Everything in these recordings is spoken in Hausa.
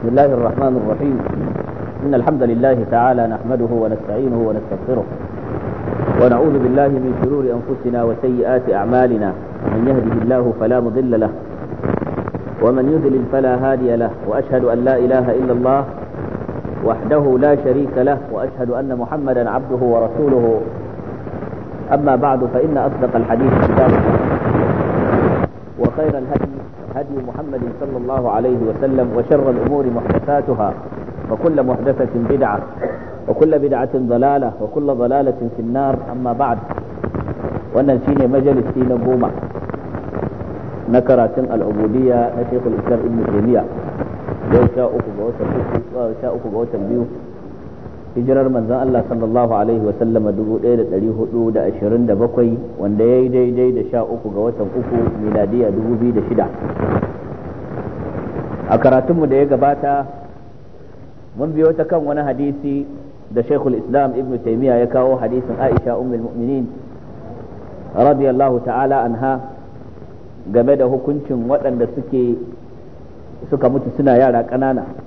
بسم الله الرحمن الرحيم إن الحمد لله تعالى نحمده ونستعينه ونستغفره ونعوذ بالله من شرور أنفسنا وسيئات أعمالنا من يهده الله فلا مضل له ومن يذلل فلا هادي له وأشهد أن لا إله إلا الله وحده لا شريك له وأشهد أن محمدا عبده ورسوله أما بعد فإن أصدق الحديث كتاب وخير الهدي هدي محمد صلى الله عليه وسلم وشر الأمور محدثاتها وكل محدثة بدعة وكل بدعة ضلالة وكل ضلالة في النار أما بعد وننسين مجلس في نبومة نكرات العبودية نشيخ الإسلام ابن تيمية جو شاء أخو بوتر بيو hijirar manzon Allah sallallahu alaihi wa sallama 1427 wanda yayi daidai da 13 ga watan uku miladiya 2006 a karatunmu da ya gabata mun biyo ta kan wani hadisi da Sheikhul Islam Ibn taimiya ya kawo hadisin Aisha ummul mu'minin radiyallahu ta'ala anha game da hukuncin waɗanda suke suka mutu suna yara ƙanana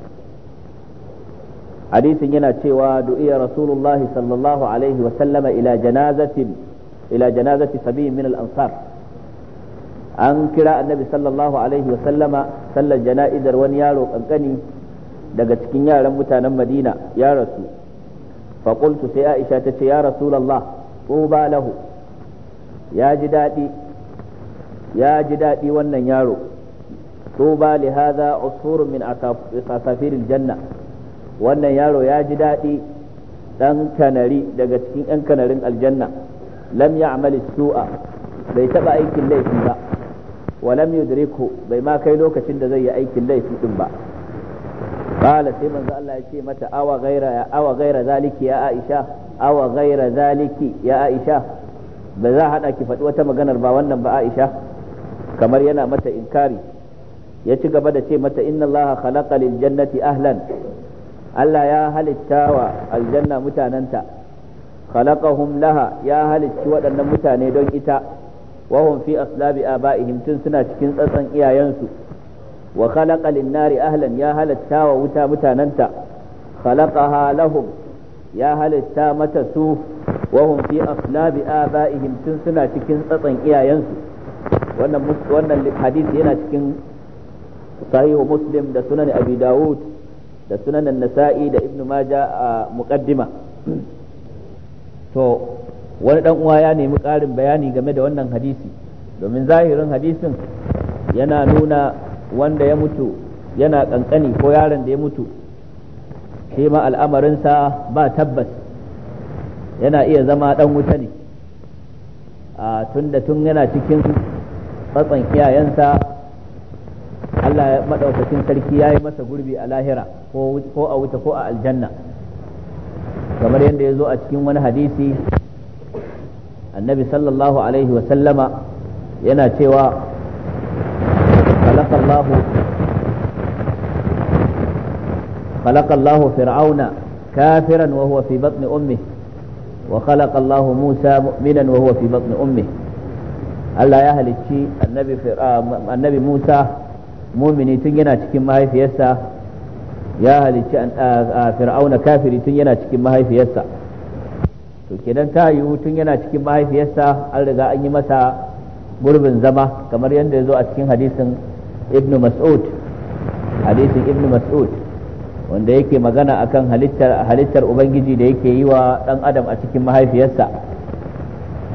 hadisin yana cewa du'iya rasulullah sallallahu alaihi wa sallama ila janazatin janazati sabi min al-ansar an kira annabi sallallahu alaihi wa sallama sallar jana'izar wani yaro kankani daga cikin yaran mutanen madina ya rasu fa sai aisha ta ce ya rasulullah tuba lahu ya ji daɗi ya ji daɗi wannan yaro tuba li hadha usfurun min asafiril janna wannan yaro ya ji daɗi ɗan kanari daga cikin 'yan kanarin aljanna lam ya amali bai taɓa aikin laifi ba walam yudriku bai ma kai lokacin da zai yi aikin laifi ɗin ba bala sai manzo Allah ya ce mata awa gaira ya awa zaliki ya Aisha awa gaira zaliki ya ki faɗi wata maganar ba wannan ba Aisha kamar yana mata inkari ya ci gaba da ce mata inna Allah khalaqa lil ahlan Allah ya halitta wa aljanna mutanenta khalaqahum laha ya halicci waɗannan mutane don ita wa hum fi aslabi abaihim tun suna cikin tsatsan iyayensu wa khalaqa lin-nari ahlan ya halitta wa wuta mutanenta khalaqaha lahum ya halitta mata su wa hum fi aslabi abaihim tun suna cikin tsatsan iyayensu wannan wannan hadisi yana cikin sahihu muslim da sunan abi dawud da sunan nasa'i da ibnu maja a muqaddima to wani dan uwa ya nemi ƙarin bayani game da wannan hadisi domin zahirin hadisin yana nuna wanda ya mutu yana kankani ko yaron da ya mutu shi ma al'amarinsa ba tabbas yana iya zama dan wuta ne a tun da tun yana cikin tsatson iyayensa Allah madaukakin sarki ya yi masa gurbi a lahira ko a wuta ko a aljanna kamar yadda ya zo a cikin wani hadisi annabi sallallahu alaihi wasallama yana cewa خلق الله فرعون كافرا وهو في بطن أمه وخلق الله موسى مؤمنا وهو في بطن أمه Allah ya halicci annabi Musa mumini tun yana cikin mahaifiyarsa ya halicci fir'auna kafiri tun yana cikin mahaifiyarsa to kenan ta yiwu tun yana cikin mahaifiyarsa an riga an yi masa gurbin zama kamar yadda ya zo a cikin hadisin ibnu mas'ud hadisin ibnu mas'ud wanda yake magana akan halittar halittar ubangiji da yake yi wa dan adam a cikin mahaifiyarsa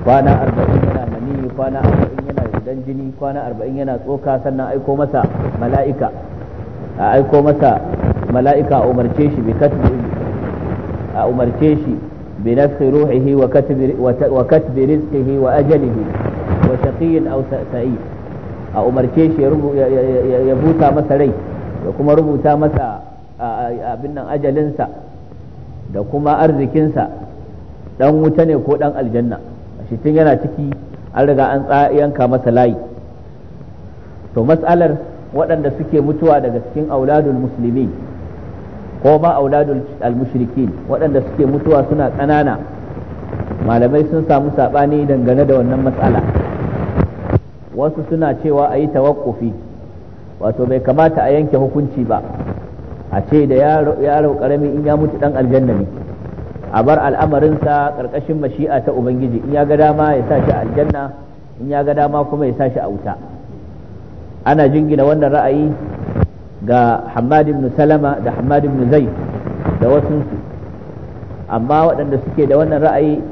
kwana arba'in yana maniyi kwana arba'in yana dan jini kwana arba'in yana tsoka sannan aiko masa mala'ika a aiko masa mala'ika a umarce shi bi a umarce shi bi nafsi ruhihi wa katbi wa katbi rizqihi wa ajalihi wa shaqiyyin aw sa'id a umarce shi ya buta masa rai da kuma rubuta masa abin nan ajalinsa da kuma arzikinsa dan wuta ne ko dan aljanna shi tun yana ciki an riga an yanka masa layi to matsalar waɗanda suke mutuwa daga cikin auladul musulmi ko ma auladul almushrikin waɗanda suke mutuwa suna ƙanana malamai sun samu saɓani dangane da wannan matsala wasu suna cewa a yi tawakkufi wato bai kamata a yanke hukunci ba a ce da yaro ƙarami in ya mutu ɗan aljanna ne a bar al'amarinsa ƙarƙashin mashi'a ta ubangiji in ya ga dama ya sa shi a aljanna in ya ga dama kuma ya sa shi a wuta ana jingina wannan ra'ayi ga hamad ibn salama da hamad ibn zaid da wasu amma waɗanda suke da wannan ra'ayi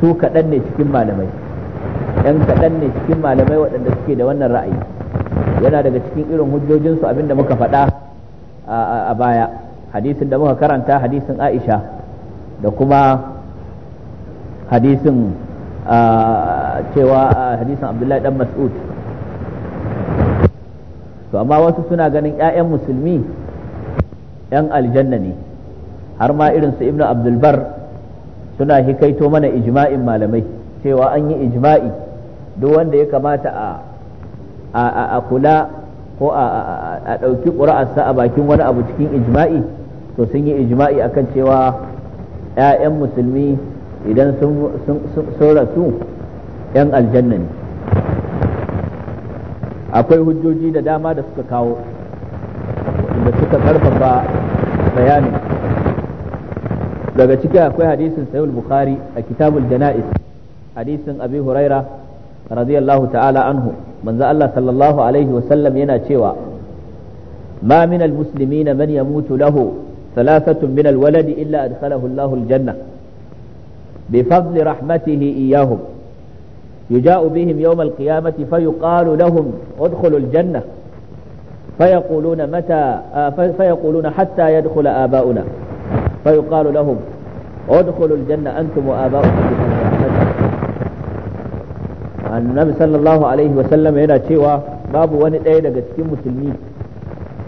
su kaɗan ne cikin malamai ɗan kaɗan ne cikin malamai waɗanda suke da wannan ra'ayi yana daga cikin irin hujjojinsu abinda muka faɗa a baya hadisin da muka karanta hadisin aisha da kuma hadisin cewa hadisin abdullahi dan mas'ud to amma wasu suna ganin 'ya'yan musulmi 'yan aljanna ne har ma irin su ibnu abdulbar suna hikaito mana ijma'in malamai cewa an yi ijma'i duk wanda ya kamata a kula ko a ɗauki ƙura'arsa a bakin wani abu cikin ijma'i to sun yi ijma'i akan cewa 'ya'yan musulmi idan sun rasu 'yan aljanna ne akwai hujjoji da dama da suka kawo da suka karfafa bayanin daga ciki akwai hadisin sayul bukhari a kitabul jana'is hadisin abi huraira radiyallahu ta'ala anhu manzo Allah sallallahu alaihi wasallam yana cewa ma min almuslimina man yamutu lahu salasatun min al-waladi illa adkhalahu Allahu aljanna bi fadli rahmatihi iyyahum yuja'u bihim yawm alqiyamati fayuqalu lahum udkhulul فيقولون متى فيقولون حتى يدخل آباؤنا فيقال لهم ادخلوا الجنة أنتم وآباؤكم annabi sallallahu alaihi wasallam yana cewa babu wani ɗaya daga cikin musulmi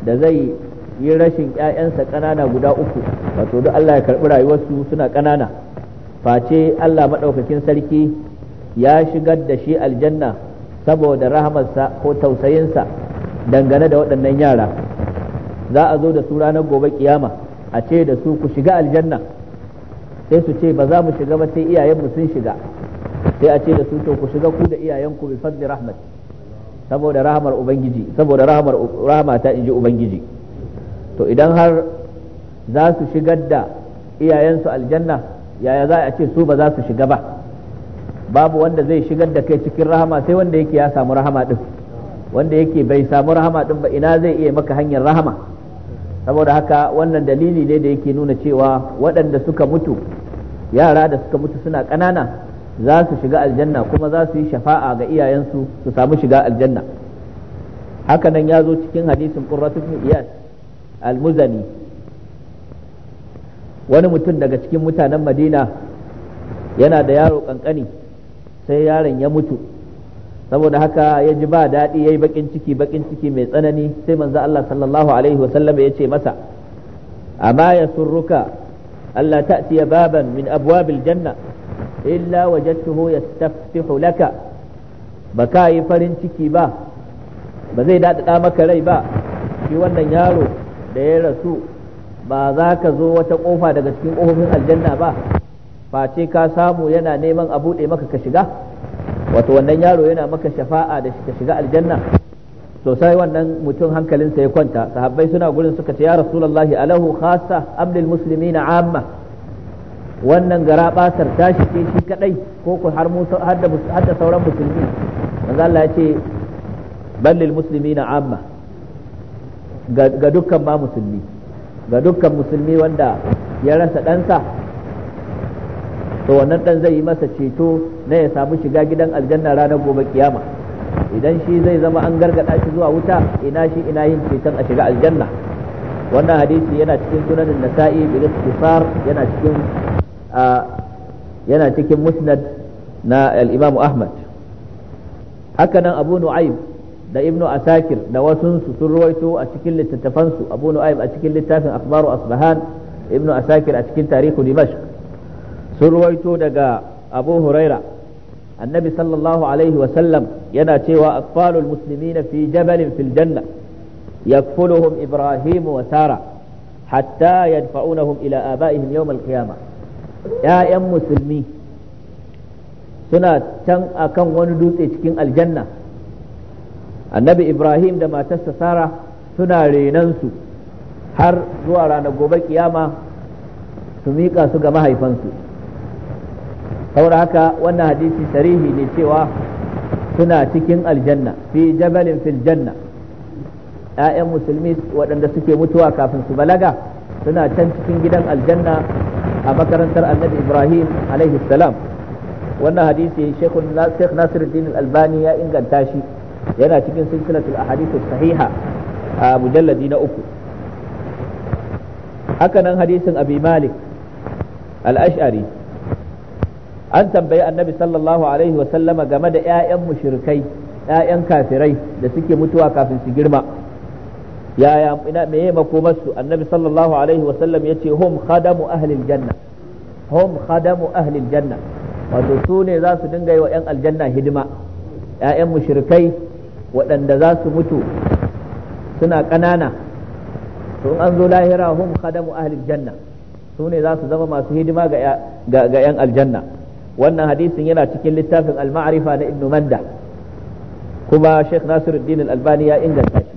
da zai yi rashin ƴaƴansa ƙanana guda uku wato duk Allah ya karɓi rayuwarsu suna ƙanana face Allah maɗaukakin sarki ya shigar da shi aljanna saboda rahamarsa ko tausayinsa dangane da waɗannan yara za a zo da su ranar gobe kiyama a ce da su ku shiga aljanna sai su ce ba za mu shiga ba sai iyayenmu sun shiga sai a ce da su to ku shiga ku da iyayenku bi fadli rahmat saboda rahamar ubangiji saboda rahamar rahama ta inji ubangiji to idan har za su shigar da iyayensu aljanna yaya za a ce su ba za su shiga ba babu wanda zai shigar da kai cikin rahama sai wanda yake ya samu rahama din wanda yake bai samu rahama din ba ina zai iya maka hanyar rahama saboda haka wannan dalili ne da yake nuna cewa waɗanda suka mutu yara da suka mutu suna ƙanana za su shiga aljanna kuma za su yi shafa'a ga iyayensu su samu shiga aljanna hakanan ya zo cikin hadisin qurratu iyas al-muzani wani mutum daga cikin mutanen madina yana da yaro kankani sai yaron ya mutu saboda haka ya ji ba daɗi ya yi baƙin ciki baƙin ciki mai tsanani sai manzo Allah sallallahu alaihi wasallam ya ce masa amma ya surruka Allah ya baban min abwabil janna illa wajadtuhu yastaftihu laka ba ka yi farin ciki ba ba zai daɗaɗa maka rai ba shi wannan yaro da ya rasu ba za ka zo wata kofa daga cikin kofofin aljanna ba face ka samu yana neman a buɗe maka ka shiga wato wannan yaro yana maka shafa'a da ka shiga aljanna sosai wannan mutum hankalinsa ya kwanta sahabbai suna gurin suka ce ya rasulullahi alahu khassa amlil muslimina amma wannan gara basar tashi ce shi kadai ko ku har da sauran musulmi manzo Allah ya ce balil muslimina amma ga dukkan ma musulmi ga dukkan musulmi wanda ya rasa ɗansa to wannan ɗan zai yi masa ceto na ya samu shiga gidan aljanna ranar gobe kiyama idan shi zai zama an gargada shi zuwa wuta ina shi ina yin ceton a shiga aljanna wannan hadisi yana cikin sunanin nasa'i bil istifar yana cikin yana cikin musnad na al imam ahmad haka nan abu nu'aym da ibnu asakir da wasunsu sun ruwaito a cikin littattafansu abu nu'aym a cikin littafin akhbaru asbahan ibnu asakir a cikin tarihu dimashq sun ruwaito daga abu huraira annabi sallallahu alaihi wa sallam yana cewa atfalul muslimina fi jabalin fil janna yakfuluhum ibrahim wa sara hatta yadfa'unahum ila abaihim yawm al-qiyamah ya'yan musulmi suna can akan wani dutse cikin aljanna annabi ibrahim da matarsa sara suna renansu har zuwa ranar gobe kiyama su miƙa su ga mahaifansu saboda haka wannan hadisi sarihi ne cewa suna cikin aljanna fi jabalin fil janna ‘ya'yan musulmi waɗanda suke mutuwa kafin su balaga suna can cikin gidan aljanna a makarantar annabi ibrahim alaihi salam wannan hadisi shekh nasiruddin albani ya inganta shi yana cikin silsilatul ahadith sahiha a mujalladi na uku haka nan hadisin abi malik al-ash'ari an tambayi annabi sallallahu alaihi wa sallama game da 'ya'yan mushrikai 'ya'yan kafirai da suke mutuwa kafin su girma yaya ina meye makomarsu annabi sallallahu alaihi wa sallam yace hum khadamu ahli janna hum khadamu ahli janna wato su ne za su dinga yi wa 'yan aljanna hidima 'ya'yan mushrikai waɗanda za su mutu suna ƙanana to an zo lahira hum khadamu ahlil janna su ne za su zama masu hidima ga 'yan aljanna wannan hadisin yana cikin littafin al-ma'rifa na ibnu manda kuma sheikh nasiruddin al-albani ya inganta shi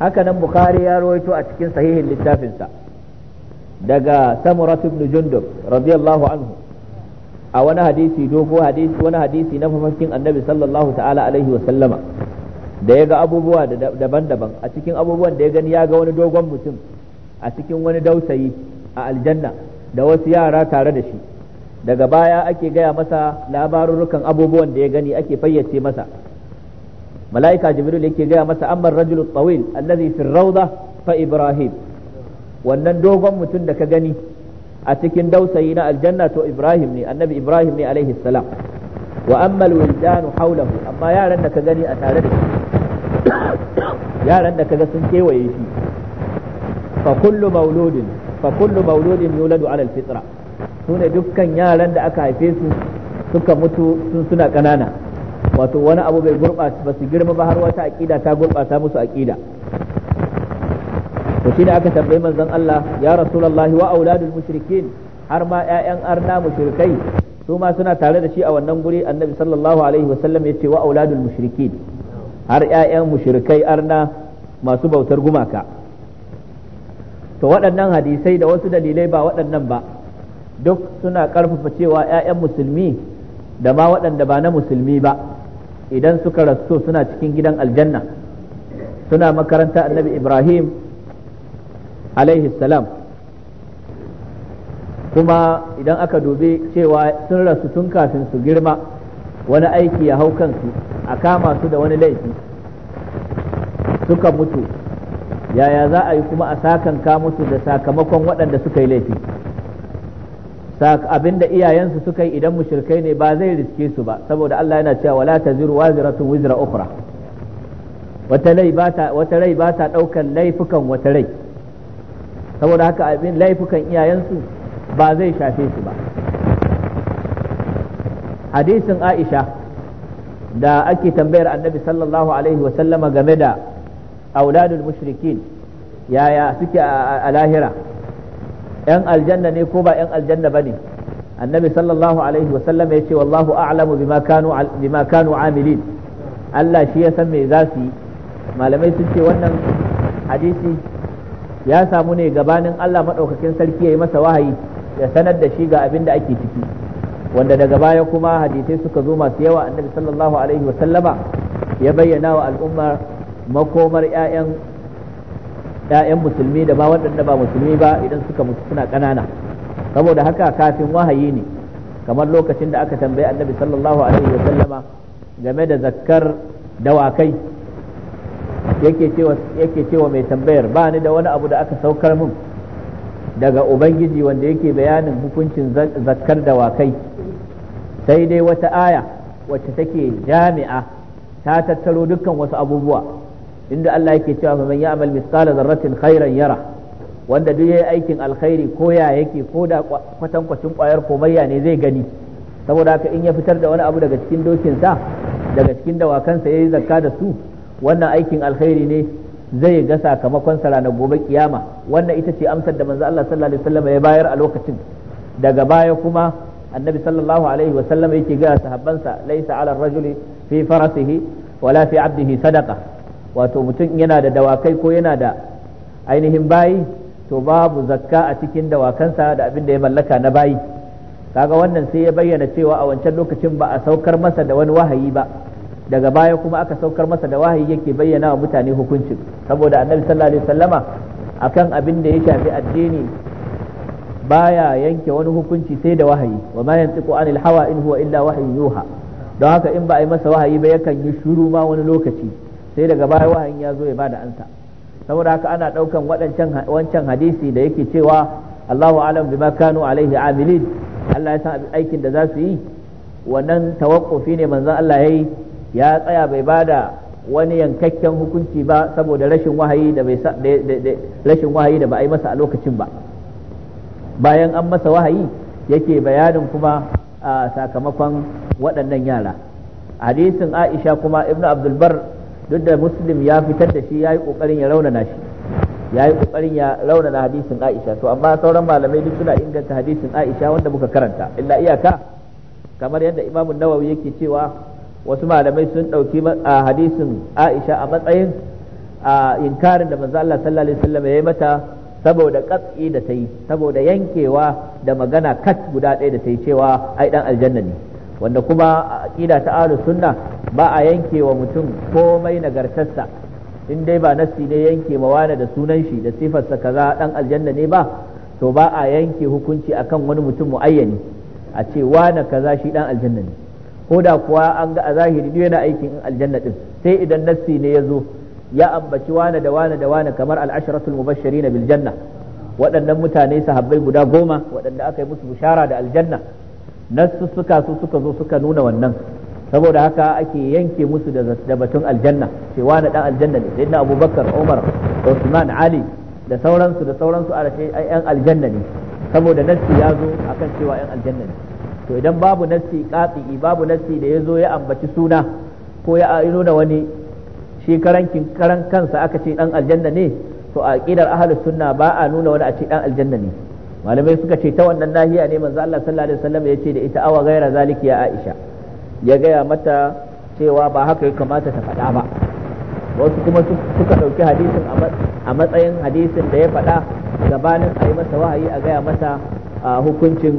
hakanan bukhari ya rawaito a cikin sahihin littafinsa daga samurat ibn jundub radiyallahu anhu a wani hadisi dogo hadisi wani hadisi na mafarkin annabi sallallahu ta'ala alaihi wa sallama da ya ga abubuwa daban-daban a cikin abubuwan da ya gani ya ga wani dogon mutum a cikin wani dausayi a aljanna da wasu yara tare da shi daga baya ake gaya masa labarurrukan abubuwan da ya gani ake fayyace masa mala'ika jibril yake gaya masa amma rajul tawil allazi fi rawda fa ibrahim wannan dogon mutum da ka gani a cikin dausayi na aljanna to Ibrahim ne annabi Ibrahim ne alaihi salam wa amma alwildanu hawlahu amma yaran da ka gani a tare da shi yaran da kaga sun kewaye shi fa kullu mauludin fa kullu mauludin yuladu ala alfitra sune dukkan yaran da aka haife su suka mutu sun suna kanana wato wani abu bai gurbata ba su girma ba har wata aqida ta gurbata musu aqida to ne aka tambayi manzon Allah ya rasulullahi wa auladul mushrikin har ma ƴaƴan arna mushrikai su ma suna tare da shi a wannan guri annabi sallallahu alaihi wasallam ya ce wa auladul mushrikin har ƴaƴan mushrikai arna masu bautar gumaka to waɗannan hadisai da wasu dalilai ba waɗannan ba duk suna ƙarfafa cewa ƴaƴan musulmi da ma waɗanda ba na musulmi ba idan suka rasu suna cikin gidan aljanna suna makaranta annabi ibrahim alaihi salam kuma idan aka dobe cewa sun rasu sun kafin su girma wani aiki ya hau kansu a kama su da wani laifi suka mutu yaya za a yi kuma a sakanka musu da sakamakon waɗanda suka yi laifi abinda iyayensu suka yi idan mushrikai ne ba zai riske su ba saboda Allah yana cewa wala taziru waziratun wizra ukhra wata rai ba ta ɗaukan laifukan wata rai saboda haka abin laifukan iyayensu ba zai shafe su ba hadisin aisha da ake tambayar annabi sallallahu alaihi wasallama game da auladul mushrikin yaya suke a lahira yan aljanna ne ko ba yan aljanna ba ne annabi sallallahu alaihi ya ce wallahu a'lamu bima kanu amilin Allah shi ya san me za su yi malamai sun ce wannan hadisi ya samu ne gabanin Allah maɗaukakin sarki ya yi masa wahayi ya sanar da shi ga abin da ake ciki wanda daga baya kuma hadisai suka zo masu yawa annabi sallallahu alaihi wa sallama ya bayyana wa al'ummar makomar 'ya'yan ‘ya'yan musulmi da ba waɗanda ba musulmi ba idan suka mutu suna ƙanana saboda haka kafin wahayi ne kamar lokacin da aka tambayi annabi sallallahu alaihi wa sallama game da zakkar dawakai yake cewa mai tambayar ba ni da wani abu da aka saukar min daga ubangiji wanda yake bayanin hukuncin zakkar dawakai sai dai wata aya wacce take jami'a ta tattaro dukkan wasu abubuwa inda Allah yake cewa man ya'mal mithqala dharratin khairan yara wanda duk yayi aikin alkhairi ko ya yake ko da kwatankwacin kwayar komayya ne zai gani saboda haka in ya fitar da wani abu daga cikin dokinsa daga cikin dawakansa yayi zakka da su wannan aikin alkhairi ne zai ga sakamakon sa ranar gobe kiyama wannan ita ce amsar da manzo Allah sallallahu alaihi wasallam ya bayar a lokacin daga baya kuma annabi sallallahu alaihi wasallam yake ga sahabbansa laisa ala rajuli fi farasihi wala fi abdihi sadaqa wato mutum yana da dawakai ko yana da ainihin bayi to babu zakka a cikin dawakansa da abin da ya mallaka na bayi kaga wannan sai ya bayyana cewa a wancan lokacin ba a saukar masa da wani wahayi ba daga baya kuma aka saukar masa da wahayi yake bayyana wa mutane hukuncin saboda annabi sallallahu alaihi wasallama akan abin da ya shafi addini baya yanke wani hukunci sai da wahayi wa ma yantiqu anil hawa in huwa illa wahyu yuha don haka in ba a yi masa wahayi ba yakan yi shuru ma wani lokaci sai daga baya wahayin ya zo ya bada ansa saboda haka ana daukan wadancan wancan hadisi da yake cewa Allahu alam bima kanu alaihi amilin Allah ya san aikin da za su yi wannan tawakkufi ne manzon Allah yayi ya tsaya bai ba da wani yankakken hukunci ba saboda rashin wahayi da bai rashin wahayi da ba a yi masa a lokacin ba bayan an masa wahayi yake bayanin kuma a sakamakon waɗannan yara hadisin aisha kuma ibnu abdulbar duk da muslim ya fitar da shi ya yi ƙoƙarin ya raunana shi ya yi ƙoƙarin ya raunana hadisin aisha to amma sauran malamai duk suna inganta hadisin aisha wanda muka karanta illa iyaka kamar yadda imamun nawawi yake cewa wasu malamai sun ɗauki hadisin aisha a matsayin a inkarin da manzo Allah sallallahu alaihi wasallam ya yi mata saboda katsi da ta yi saboda yankewa da magana kat guda ɗaya da ta yi cewa ai dan aljanna ne wanda kuma aƙida aqida ta ahlus sunna ba a yankewa mutum komai nagartarsa in dai ba nasi ne yanke mawana da sunan shi da sifarsa kaza dan aljanna ne ba to ba a yanke hukunci akan wani mutum muayyani a ce wane kaza shi dan aljanna ne ko da kuwa an ga a zahiri duk yana aikin in aljanna din sai idan nassi ne ya zo ya ambaci wane da wane da wane kamar al'asharatul mubashirin bil janna waɗannan mutane sahabbai guda goma waɗanda aka yi musu bishara da aljanna nassu suka su suka zo suka nuna wannan saboda haka ake yanke musu da batun aljanna cewa wane dan aljanna ne sayyidina abubakar umar usman ali da sauransu da sauransu a yan aljanna ne saboda nassi ya zo akan cewa yan aljanna ne to idan babu nassi qati'i babu nassi da ya zo ya ambaci suna ko ya nuna wani shi karankin karan kansa aka ce dan aljanna ne to a kidar ahlus sunna ba a nuna wani a ce dan aljanna ne malamai suka ce ta wannan nahiya ne manzo Allah sallallahu alaihi wasallam ya ce da ita awa gaira zaliki ya Aisha ya gaya mata cewa ba haka ya kamata ta faɗa ba wasu kuma suka ɗauki hadisin a matsayin hadisin da ya faɗa gabanin a yi masa wahayi a gaya mata hukuncin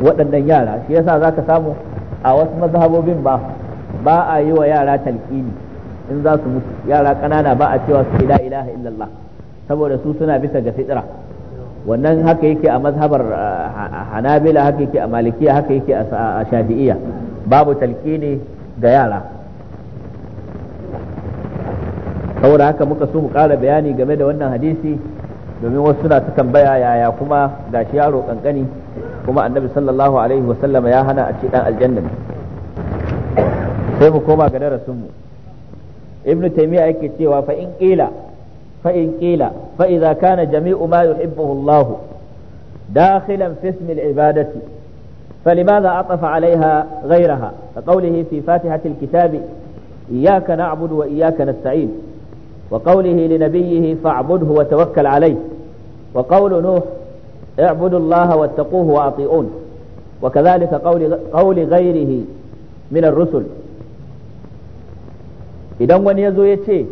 waɗannan yara shi yasa zaka samu a wasu mazhabobin ba ba a yi wa yara talqini in za su mutu yara ƙanana ba a cewa su la ilaha illallah saboda su suna bisa ga fitra wannan haka yake a mazhabar hanabila haka yake a malikiya haka yake a shafi'iyya babu talqini ga yara saboda haka muka so mu ƙara bayani game da wannan hadisi domin wasu suna su tambaya yaya kuma gashi yaro ƙanƙani. kuma annabi sallallahu alaihi wa sallama ya hana a ce dan aljanna ne sai mu koma ga darasin mu ibnu taymiya yake cewa fa in qila fa in qila fa idza kana jami'u ma yuhibbuhu Allah dakhilan fi ismi al-ibadati فلماذا عطف عليها غيرها كقوله في فاتحة الكتاب إياك نعبد وإياك نستعين وقوله لنبيه فاعبده وتوكل عليه وقول نوح اعبدوا الله واتقوه واطيعون وكذلك قول قول غيره من الرسل idan wani yazo ya ce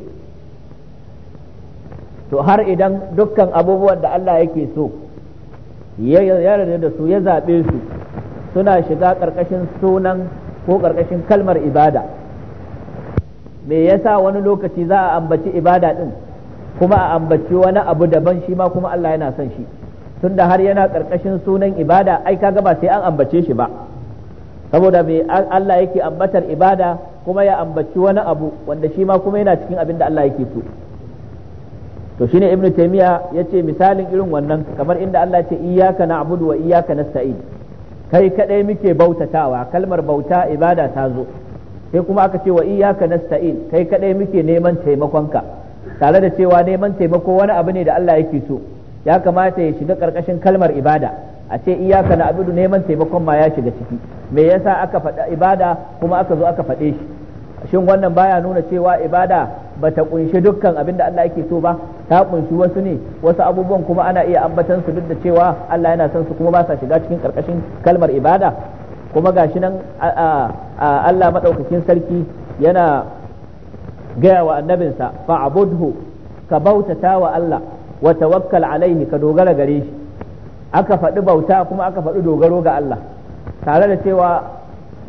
to har idan dukkan abubuwan da Allah yake so ya yarda da su ya zaɓe su suna shiga ƙarƙashin sunan ko ƙarƙashin kalmar ibada me yasa wani lokaci za a ambaci ibada ɗin kuma a ambaci wani abu daban shi ma kuma Allah yana son shi tunda har yana karkashin sunan ibada ai kaga ba sai an ambace shi ba saboda me Allah yake ambatar ibada kuma ya ambaci wani abu wanda shi ma kuma yana cikin abin da Allah yake so to shine ibnu taymiya yace misalin irin wannan kamar inda Allah ce iyyaka na'budu wa iyyaka nasta'in kai kadai muke bautatawa kalmar bauta ibada ta zo sai kuma aka ce wa iyyaka nasta'in kai kadai muke neman taimakonka tare da cewa neman taimako wani abu ne da Allah yake so ya kamata ya shiga karkashin kalmar ibada a ce iyaka na abudu neman taimakon ma ya shiga ciki me yasa aka faɗa ibada kuma aka zo aka faɗe shi shin wannan baya nuna cewa ibada ba ta kunshi dukkan abin da Allah yake so ba ta kunshi wasu ne wasu abubuwan kuma ana iya ambatan su duk da cewa Allah yana son su kuma ba sa shiga cikin karkashin kalmar ibada kuma gashi nan Allah madaukakin sarki yana gaya wa annabinsa fa'budhu ka bautata wa Allah wa tawakkal alaihi ka dogara gare shi aka faɗi bauta kuma aka faɗi dogaro ga Allah tare da cewa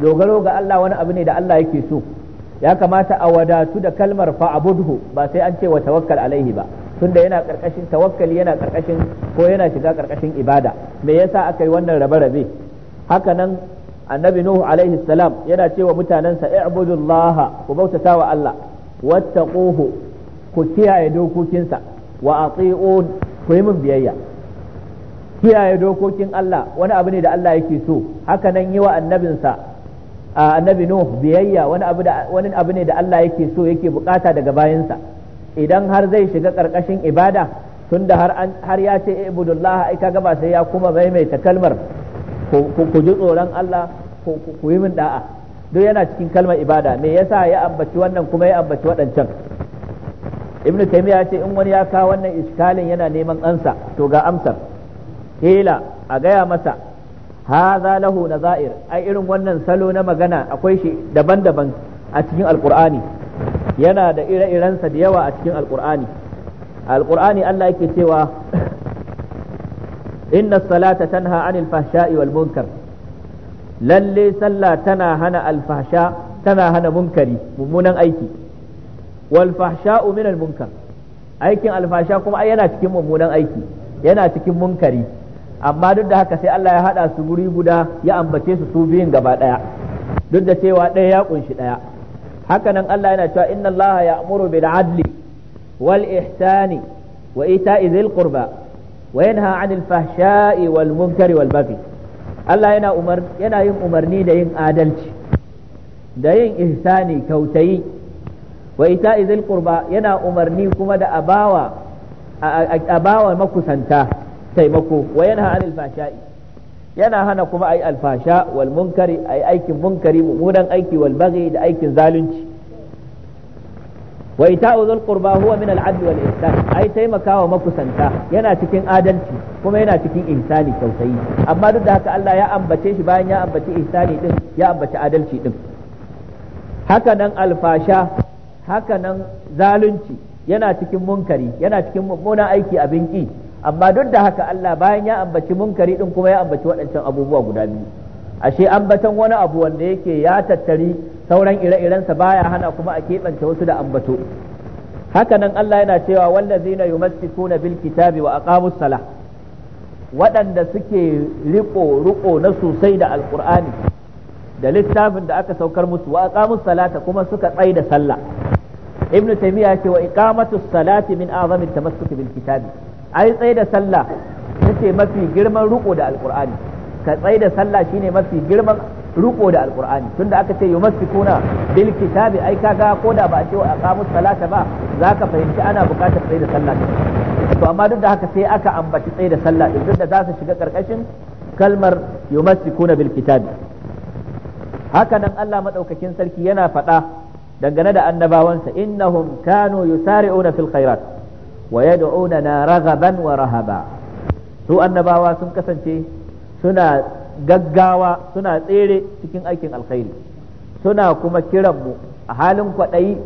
dogaro ga Allah wani abu ne da Allah yake so ya kamata a wadatu da kalmar fa'budhu ba sai an ce wa tawakkal alaihi ba tunda yana karkashin tawakkali yana karkashin ko yana shiga karkashin ibada me yasa aka yi wannan rabe rabe haka nan annabi nuhu alaihi salam yana cewa mutanansa i'budullaha ku bautata wa Allah wattaquhu ku kiyaye dokokinsa wa ati'un ku yi min biyayya kiyaye dokokin Allah wani abu ne da Allah yake so haka nan yi wa annabinsa annabi Nuh biyayya wani abu da wani abu ne da Allah yake so yake bukata daga bayansa idan har zai shiga karkashin ibada tunda har har ya ce ibudullah ai kaga ba sai ya kuma maimaita kalmar ku ji tsoron Allah ku yi min da'a duk yana cikin kalmar ibada me yasa ya ambaci wannan kuma ya ambaci waɗancan ibnu taymiya ya ce in wani ya kawo wannan iskalin yana neman ansa to ga amsar kila a gaya masa haza lahu za'ir ai irin wannan salo na magana akwai shi daban-daban a cikin alkur'ani yana da ire-irensa da yawa a cikin alkur'ani alkur'ani Allah yake cewa inna salata tanha anil fahsha'i wal munkar lalle sallah tana hana alfahsha tana hana munkari mummunan aiki wal fahsha'u minal aikin alfasha kuma ai yana cikin mummunan aiki yana cikin munkari amma duk da haka sai Allah ya hada su guri guda ya ambace su su biyun gaba daya duk da cewa ɗaya ya kunshi ɗaya haka nan Allah yana cewa inna Allah ya'muru bil adli wal ihsani wa ita'i dhil qurba wa yanha 'anil fahsha'i wal munkari wal baghi Allah yana umar yana yin umarni da yin adalci da yin ihsani kautayi wa ita izil qurba yana umarni kuma da abawa abawa makusanta taimako wa yanha anil fashai yana hana kuma ai alfasha wal munkari ai aikin munkari mummunan aiki wal baghi da aikin zalunci wa ita'u dhul qurba huwa min al adl wal ihsan ai taimakawa makusanta yana cikin adalci kuma yana cikin ihsani tausayi amma duk da haka Allah ya ambace shi bayan ya ambaci ihsani din ya ambaci adalci din haka nan alfasha haka nan zalunci yana cikin munkari yana cikin mummunan aiki abin ki amma duk da haka Allah bayan ya ambaci munkari din kuma ya ambaci waɗancan abubuwa guda biyu ashe ambaton wani abu wanda yake ya tattari sauran ire-irensa baya hana kuma a keɓance wasu da ambato haka nan Allah yana cewa wallazina yumassikuna bil kitabi wa aqamus salah waɗanda suke riko na sosai da alqur'ani da littafin da aka saukar musu wa aqamus salata kuma suka tsai da sallah ibnu taymiya ce wa iqamatu salati min azami tamassuki bil kitabi ai tsaye da sallah yace mafi girman ruko da alqur'ani ka tsaye da sallah shine mafi girman ruko da alqur'ani tunda aka ce yumassikuna bil kitabi ai kaga koda ba a ce wa aqamu salata ba zaka fahimci ana bukatar tsaye da sallah to amma duk da haka sai aka ambaci tsaye da sallah din duk da za su shiga karkashin kalmar yumassikuna bil kitabi haka nan Allah madaukakin sarki yana faɗa dangane da annabawansa innahum kanu yusari'una fil khairat wa yad'unana raghaban wa rahaba su annabawa sun kasance suna gaggawa suna tsere cikin aikin alkhairi suna kuma kiranmu a halin kwaɗayi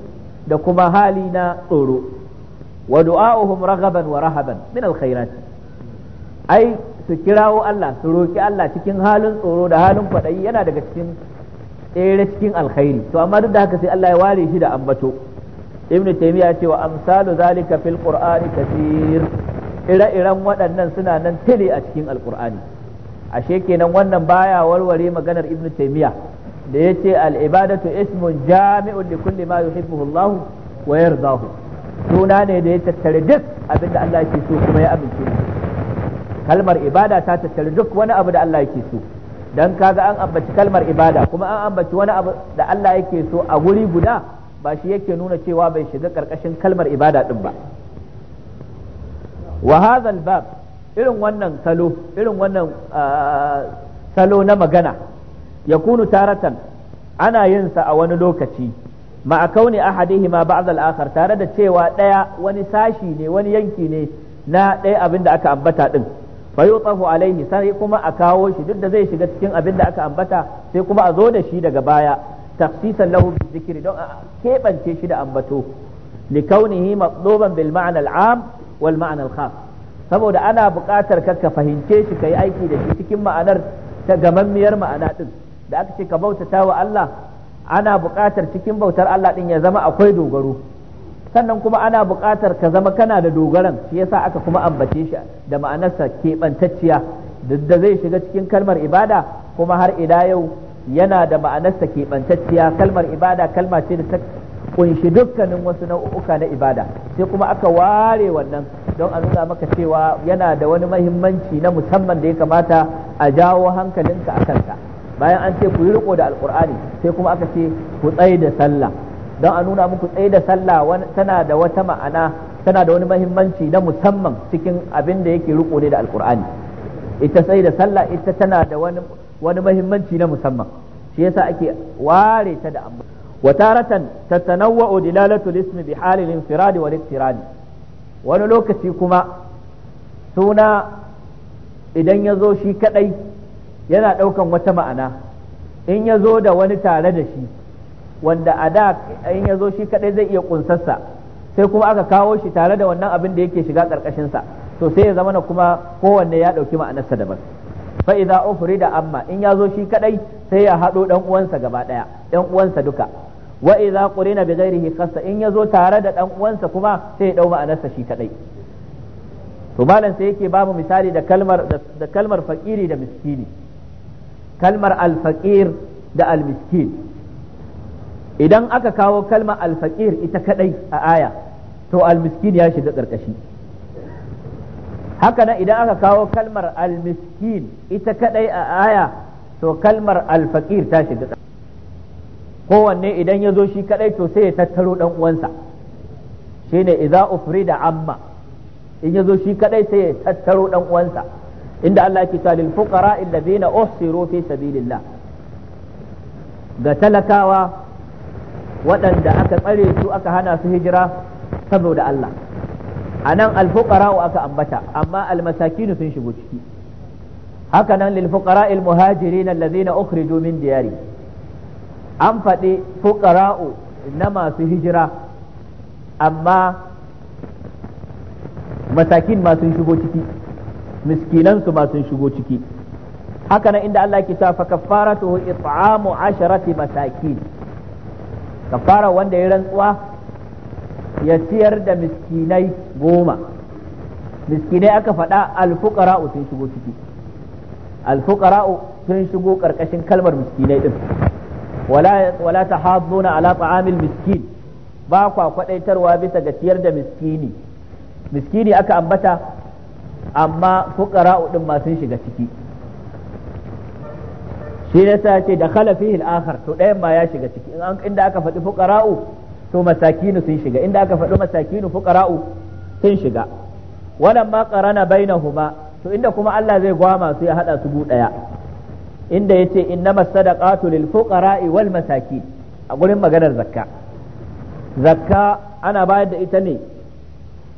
da kuma hali na tsoro wa du'a'uhum raghaban wa rahaban min alkhairat ai su kirawo Allah su roki Allah cikin halin tsoro da halin kwaɗayi yana daga cikin tsere cikin alkhairi to amma duk da haka sai Allah ya ware shi da ambato ibn taymiya ce wa amsalu zalika fil qur'ani kathir ire-iren waɗannan suna nan tili a cikin alkur'ani ashe kenan wannan baya warware maganar ibn taymiya da yace al ibadatu ismun jami'un li kulli ma yuhibbuhu Allah wa yardahu suna ne da ya tattare duk abinda Allah yake so kuma ya amince kalmar ibada ta tattare duk wani abu da Allah yake so dan kaga an ambaci kalmar ibada kuma an ambaci wani abu da Allah yake so a guri guda ba shi yake nuna cewa bai shiga karkashin kalmar ibada din ba wa hadha bab irin wannan salo irin wannan ah, salo na magana ya kunu taratan ana yin sa a wani lokaci ma a kauni ahadihima ba'd al-akhar tare da cewa daya wani sashi ne wani yanki ne na ɗaya abin da aka ambata din fa yutafu alaihi sai kuma a kawo shi duk da zai shiga cikin abin da aka ambata sai kuma a zo da shi daga baya tafsisan lahu bi zikri don a kebance shi da ambato li kaunihi matluban bil ma'na al am wal ma'na al khas saboda ana buƙatar ka ka fahimce shi kai aiki da shi cikin ma'anar ta gamammiyar ma'ana din da aka ce ka bautata wa Allah ana buƙatar cikin bautar Allah din ya zama akwai dogaro sannan kuma ana buƙatar ka zama kana da dogaran shi yasa aka kuma ambace shi da ma'anarsa keɓantacciya duk da zai shiga cikin kalmar ibada kuma har ila yau yana da ma'anarsa keɓantacciya kalmar ibada kalma ce da ta kunshi dukkanin wasu nau'uka na ibada sai kuma aka ware wannan don a nuna maka cewa yana da wani mahimmanci na musamman da ya kamata a jawo hankalinka a kanta bayan an ce ku yi riko da alkur'ani sai kuma aka ce ku tsaye da sallah don a nuna muku tsaye da sallah tana da wata ma'ana tana da wani mahimmanci na musamman cikin abin da yake riko ne da alkur'ani ita tsaye da sallah ita tana da wani wani mahimmanci na musamman shi yasa ake ware ta da amma wa taratan tatanawwa'u dilalatu ismi bi halil infiradi wal ittiradi wani lokaci kuma suna idan ya zo shi kadai yana daukan wata ma'ana in ya zo da wani tare da shi wanda a da in ya zo shi kadai zai iya kunsarsa sai kuma aka kawo shi tare da wannan abin da yake shiga karkashin sa to sai ya zama na kuma kowanne ya dauki ma'anarsa daban fa idza ufrida amma in ya zo shi kadai sai ya hado dan uwansa gaba daya dan uwansa duka wa idza qurina bi ghairihi khassa in ya zo tare da dan uwansa kuma sai ya dau ma'anarsa shi kadai to malam sai yake babu misali da kalmar da kalmar fakiri da miskini kalmar al-faqir da al-miskin idan aka kawo kalma alfaqir ita kadai a aya to almiskin ya shiga karkashi haka nan idan aka kawo kalmar almiskin ita kadai a aya to kalmar alfaqir ta shiga kowanne idan ya zo shi kadai to sai ya tattaro dan uwansa shine idza ufrida amma in ya zo shi kadai sai ya tattaro dan uwansa inda Allah yake cewa lil fuqara alladhina uhsiru fi sabilillah ga talakawa waɗanda aka tsare su aka hana su hijira saboda Allah a nan alfuqara'u aka ambata amma almasakinu sun shigo ciki haka nan lil fuqara'il muhajirin allazina ukhriju min diyari an faɗi fuqara'u na masu hijira amma masakin ma sun shigo ciki miskinan su ma sun shigo ciki haka nan inda Allah ke ta fa kaffaratuhu it'amu asharati masakin kafara wanda ya rantsuwa ya ciyar da miskinai goma miskinai aka faɗa alfuqara'u sun shigo ciki alfuqara'u sun shigo kalmar miskinai ɗin wala wala na ala ta'amil miskin ba kwa kwadaitarwa bisa ga ciyar da miskini miskini aka ambata amma fuqara'u ɗin ma sun shiga ciki shi ne sa ce da khala fihi al to ɗayan ma ya shiga ciki inda aka faɗi fuqara'u to masakinu sun shiga inda aka faɗi masakinu fuqara'u sun shiga wannan ma qarana bainahuma to inda kuma Allah zai gwama su ya hada su buɗaya. daya inda yace innamas sadaqatu lil fuqara'i wal masakin a gurin maganar zakka zakka ana bayar da ita ne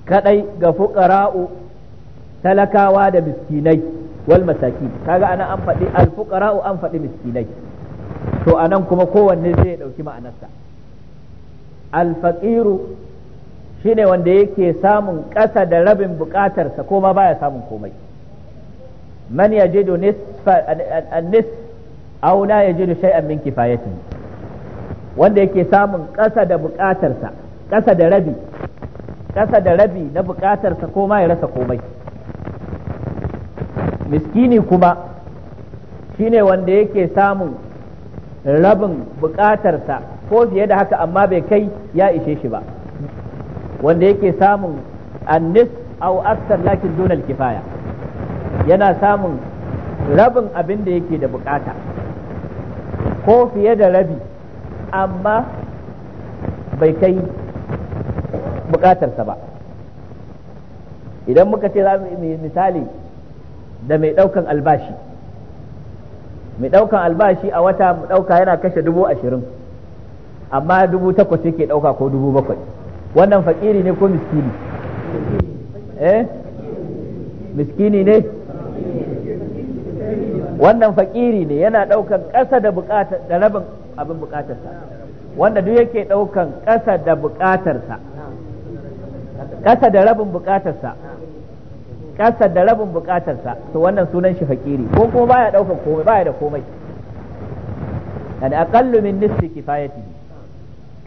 kadai ga fuqara'u talakawa da miskinai wal masakin kaga anan an faɗi al fuqara an faɗi miskinai to anan kuma kowanne zai ɗauki ma'anarsa al shine wanda yake samun ƙasa da rabin buƙatarsa ko ma baya samun komai man yajidu nisfa an-nisf aw la yajidu shay'an min kifayatihi wanda yake samun ƙasa da buƙatarsa ƙasa da rabi ƙasa da rabi na buƙatarsa ko ma ya rasa komai miskini kuma shine wanda yake samun rabin bukatarsa ko fiye da haka amma bai kai ya ishe shi ba wanda yake samun annis au aksar lakin dunal kifaya yana samun rabin abin da yake da bukata ko fiye da rabi amma bai kai bukatarsa ba idan muka ce za misali da mai ɗaukan albashi mai ɗaukan albashi a wata ɗauka yana kashe dubu ashirin amma dubu takwas yake ɗauka ko dubu bakwai wannan fakiri ne ko miskini eh miskini ne wannan fakiri ne yana ɗaukan ƙasa da buƙatar da rabin abin buƙatarsa wanda duk yake ɗaukan ƙasa da buƙatarsa ƙasa da rabin buƙatarsa kasar da rabin bukatarsa to wannan sunan shi fakiri ko kuma baya daukan komai baya da komai an aqallu min nisfi kifayati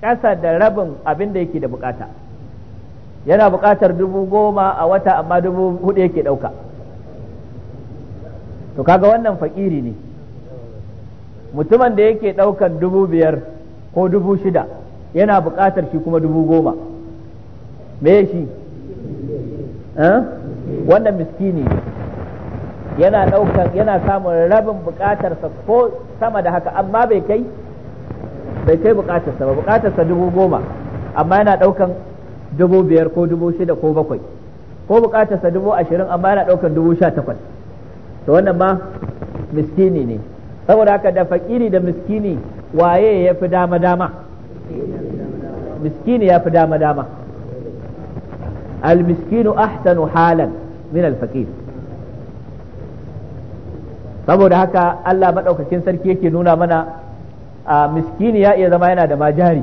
ƙasa da rabin abin da yake da bukata yana bukatar dubu goma a wata amma dubu hudu yake dauka to kaga wannan fakiri ne mutumin da yake daukan dubu biyar ko dubu shida yana bukatar shi kuma dubu goma me shi eh? wannan miskini yana daukan yana samun rabin buƙatarsa ko sama da haka amma bai kai bai kai buƙatarsa ba buƙatarsa dubu goma amma yana ɗaukan dubu biyar ko dubu shida ko bakwai ko buƙatarsa dubu ashirin amma yana ɗaukan dubu sha takwas to wannan ma miskini ne saboda haka da fakiri da miskini waye ya fi dama dama miskini ya fi dama dama almiskinu ahsanu halan min alfaqir saboda haka Allah maɗaukacin sarki yake nuna mana a miskini ya iya zama yana da majari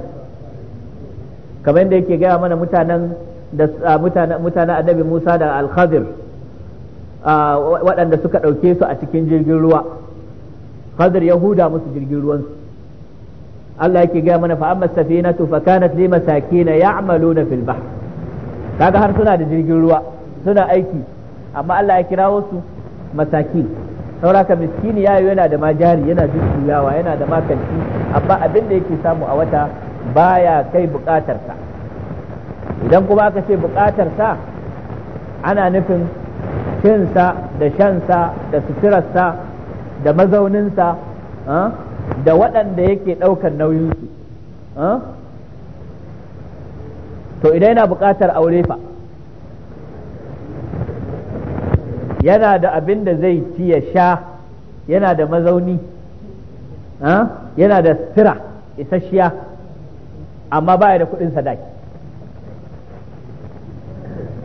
kamar yadda yake gaya mana mutanen da mutanen annabi Musa da al-Khadir waɗanda suka ɗauke su a cikin jirgin ruwa Khadir ya huda musu jirgin ruwansu Allah yake gaya mana fa amma safinatu fa kanat li masakin ya'maluna fil bahr kaga har suna da jirgin ruwa suna aiki amma Allah ya kira wasu masaki ka miskini ya yana da majari jari yana jujjuyawa yana da makanci amma abin da yake samu a wata baya kai bukatarsa idan kuma aka ce bukatarsa ana nufin cinsa da shansa da suturarsa da mazauninsa ah, da waɗanda yake ɗaukar nauyinsu ah, to idan yana buƙatar aure fa yana da abin da zai ci ya sha yana da mazauni yana da sira isasshiya amma ba da kuɗin sadaki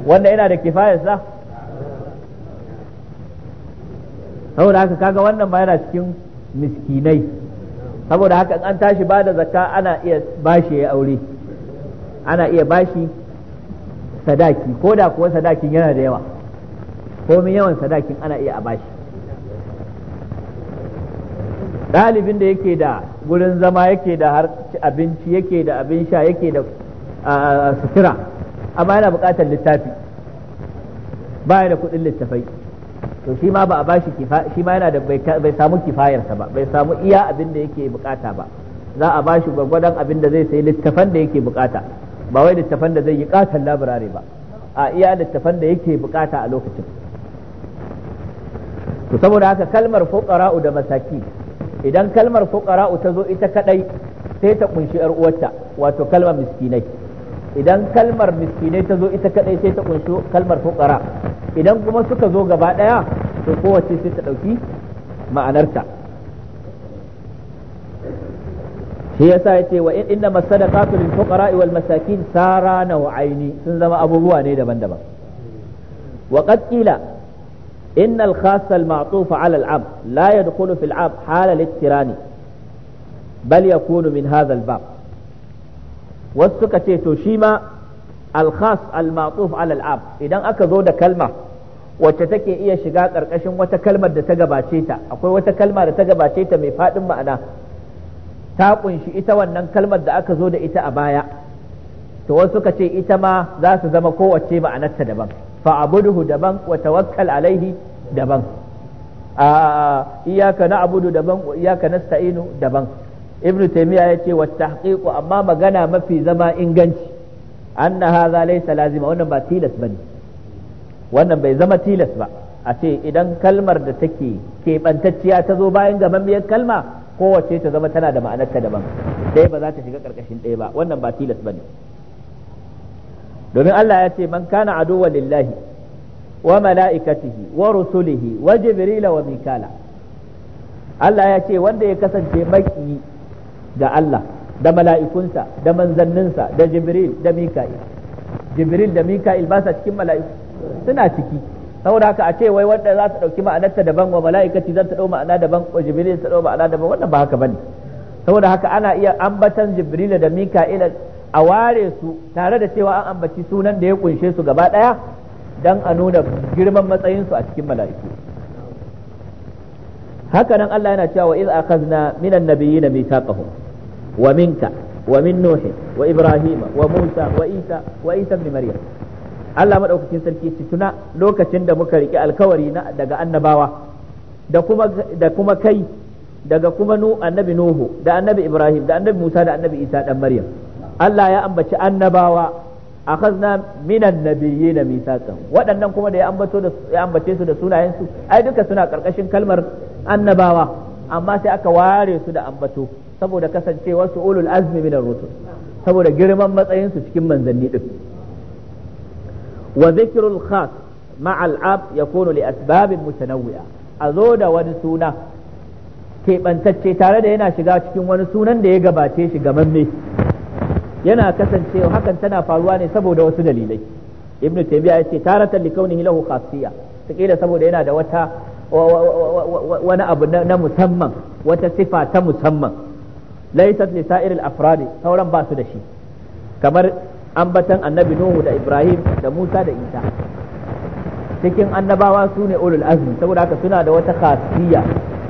wanda yana da kifayarsa saboda haka kaga wannan ba yana cikin miskinai saboda haka an tashi ba da zakka ana iya bashi ya aure ana iya bashi sadaki ko da kuwa sadakin yana da yawa min yawan sadakin ana iya a bashi ɗalibin da yake da gurin zama yake da har abinci yake da abin sha yake da sutura amma yana buƙatar littafi baya da kuɗin littafai to shi ma ba a bashi shi ma yana da bai samu kifayarsa ba bai samu iya abin da yake bukata ba za a bashi gwagwadon abin da zai sai littafan da yake bukata ba wai littafan da zai yi katon labirare ba a iya littafan da yake bukata a lokacin to saboda haka kalmar fuqara'u da masaki idan kalmar fuqara'u ta zo ita kadai sai ta kunshi yar uwarta wato kalmar miskinai idan kalmar miskinai ta zo ita kadai sai ta kunshi kalmar fuqara idan kuma suka zo gaba daya to kowace sai ta dauki ma'anarta shi yasa yace wa inna masadaqatu lil fuqara wal masakin sarana wa aini sun zama abubuwa ne daban-daban wa qad qila inna al khassa al ma'tuf ala al am la yadkhulu fil am hala al ittirani bal yakunu min hadha ba bab wasu suka ce to shi ma al khas al ma'tuf ala al am idan aka zo da kalma wacce take iya shiga ƙarƙashin wata kalmar da ta gabace ta akwai wata kalma da ta gabace ta mai faɗin ma'ana ta kunshi ita wannan kalmar da aka zo da ita a baya to wasu suka ce ita ma za su zama kowace ma'anarta daban fa'abuduhu daban wa tawakkal alaihi daban a iyaka na abudu daban wa iyaka nasta'inu daban ibnu taymiya yace wa tahqiqu amma magana mafi zama inganci anna hadha laysa lazima wannan ba tilas bane wannan bai zama tilas ba a ce idan kalmar da take keɓantacciya ta zo bayan gamammiyar kalma kowace ta zama tana da ma'anarta daban ɗaya ba za ta shiga ƙarƙashin ɗaya ba wannan ba tilas ba ne domin Allah ya ce man kana aduwa lillahi wa mala'ikatihi wa rusulihi wa jibrila wa mikala Allah ya ce wanda ya kasance maki ga Allah da mala'ikunsa da manzanninsa da jibril da mika'il jibril da mika'il ba sa cikin mala'iku suna ciki saboda haka a ce wai wanda za su dauki ma'anarta daban wa mala'ikati za ta ma'ana daban wa jibril ta dau ma'ana daban wannan ba haka bane saboda haka ana iya ambatan jibril da mika'ila a ware su tare da cewa an ambaci sunan da ya kunshe su gaba ɗaya dan a nuna girman matsayin su a cikin mala'iku haka nan Allah yana cewa iz akhazna minan nabiyina mithaqahum wa minka wa min nuh wa ibrahima wa musa wa isa wa isa ibn maryam Allah madaukakin sarki ci tuna lokacin da muka rike alkawari na daga annabawa da kuma da kuma kai daga kuma nu annabi nuhu da annabi ibrahim da annabi musa da annabi isa dan maryam Allah ya ambaci annabawa akhazna minan nabiyyin mithaqan waɗannan kuma da ya ambato da ya ambace su da sunayen su ai duka suna karkashin kalmar annabawa amma sai aka ware su da ambato saboda kasancewa su ulul azmi minar rusul saboda girman matsayin su cikin manzanni din wa dhikrul khas ma'a al-ab yakunu li asbabin mutanawwi'a a zo da wani suna keɓantacce tare da yana shiga cikin wani sunan da ya gabace shi ga gamamme yana kasancewa hakan tana faruwa ne saboda wasu dalilai ibn taymiya ya ce taratan li kaunihi lahu khasiyya takila saboda yana da wata wani abu na musamman wata sifa ta musamman laysat li sa'iril afradi sauran basu da shi kamar ambatan annabi nuhu da ibrahim da musa da isa cikin annabawa su ne ulul azmi saboda haka suna da wata khasiyya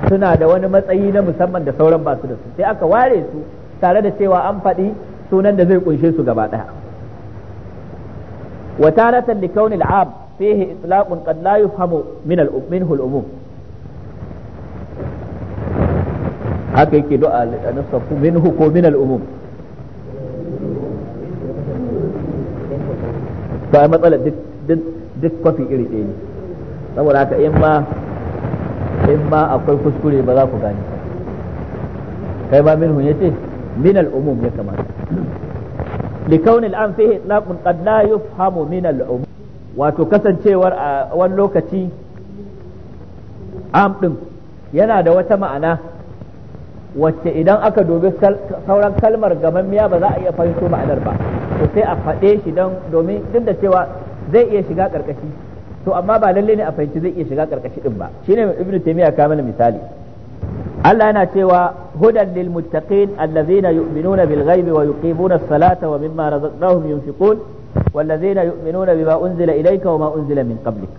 suna da wani matsayi na musamman da sauran basu da su sai aka ware su tare da cewa an faɗi sunan da zai kunshe su gaba ɗaya wa taratan li kauni al'am fihi itlaqun qad la yufhamu min al-minhu al-umum haka yake du'a li tanaffu minhu ko min al-umum to matsala duk kwafi iri ɗaya ne saboda haka in ma in ma akwai kuskure ba za ku gane kai ma minhum yace min al-umum ya kamata لكون الآن فيه إطلاق قد لا يفهم من العموم wato kasancewar a wani lokaci am ɗin yana da wata ma'ana wacce idan aka dobi sauran kalmar miya ba za a iya fahimto ma'anar ba to sai a faɗe shi don domin duk da cewa zai iya shiga karkashi to amma ba lalle ne a fahimci zai iya shiga karkashi din ba shine ibnu taymiya ka mana misali Allah yana cewa hudan lil muttaqin allazina yu'minuna bil ghaibi wa yuqimuna as-salata wa mimma razaqnahum yunfiqun wallazina yu'minuna bima unzila ilayka wa ma unzila min qablik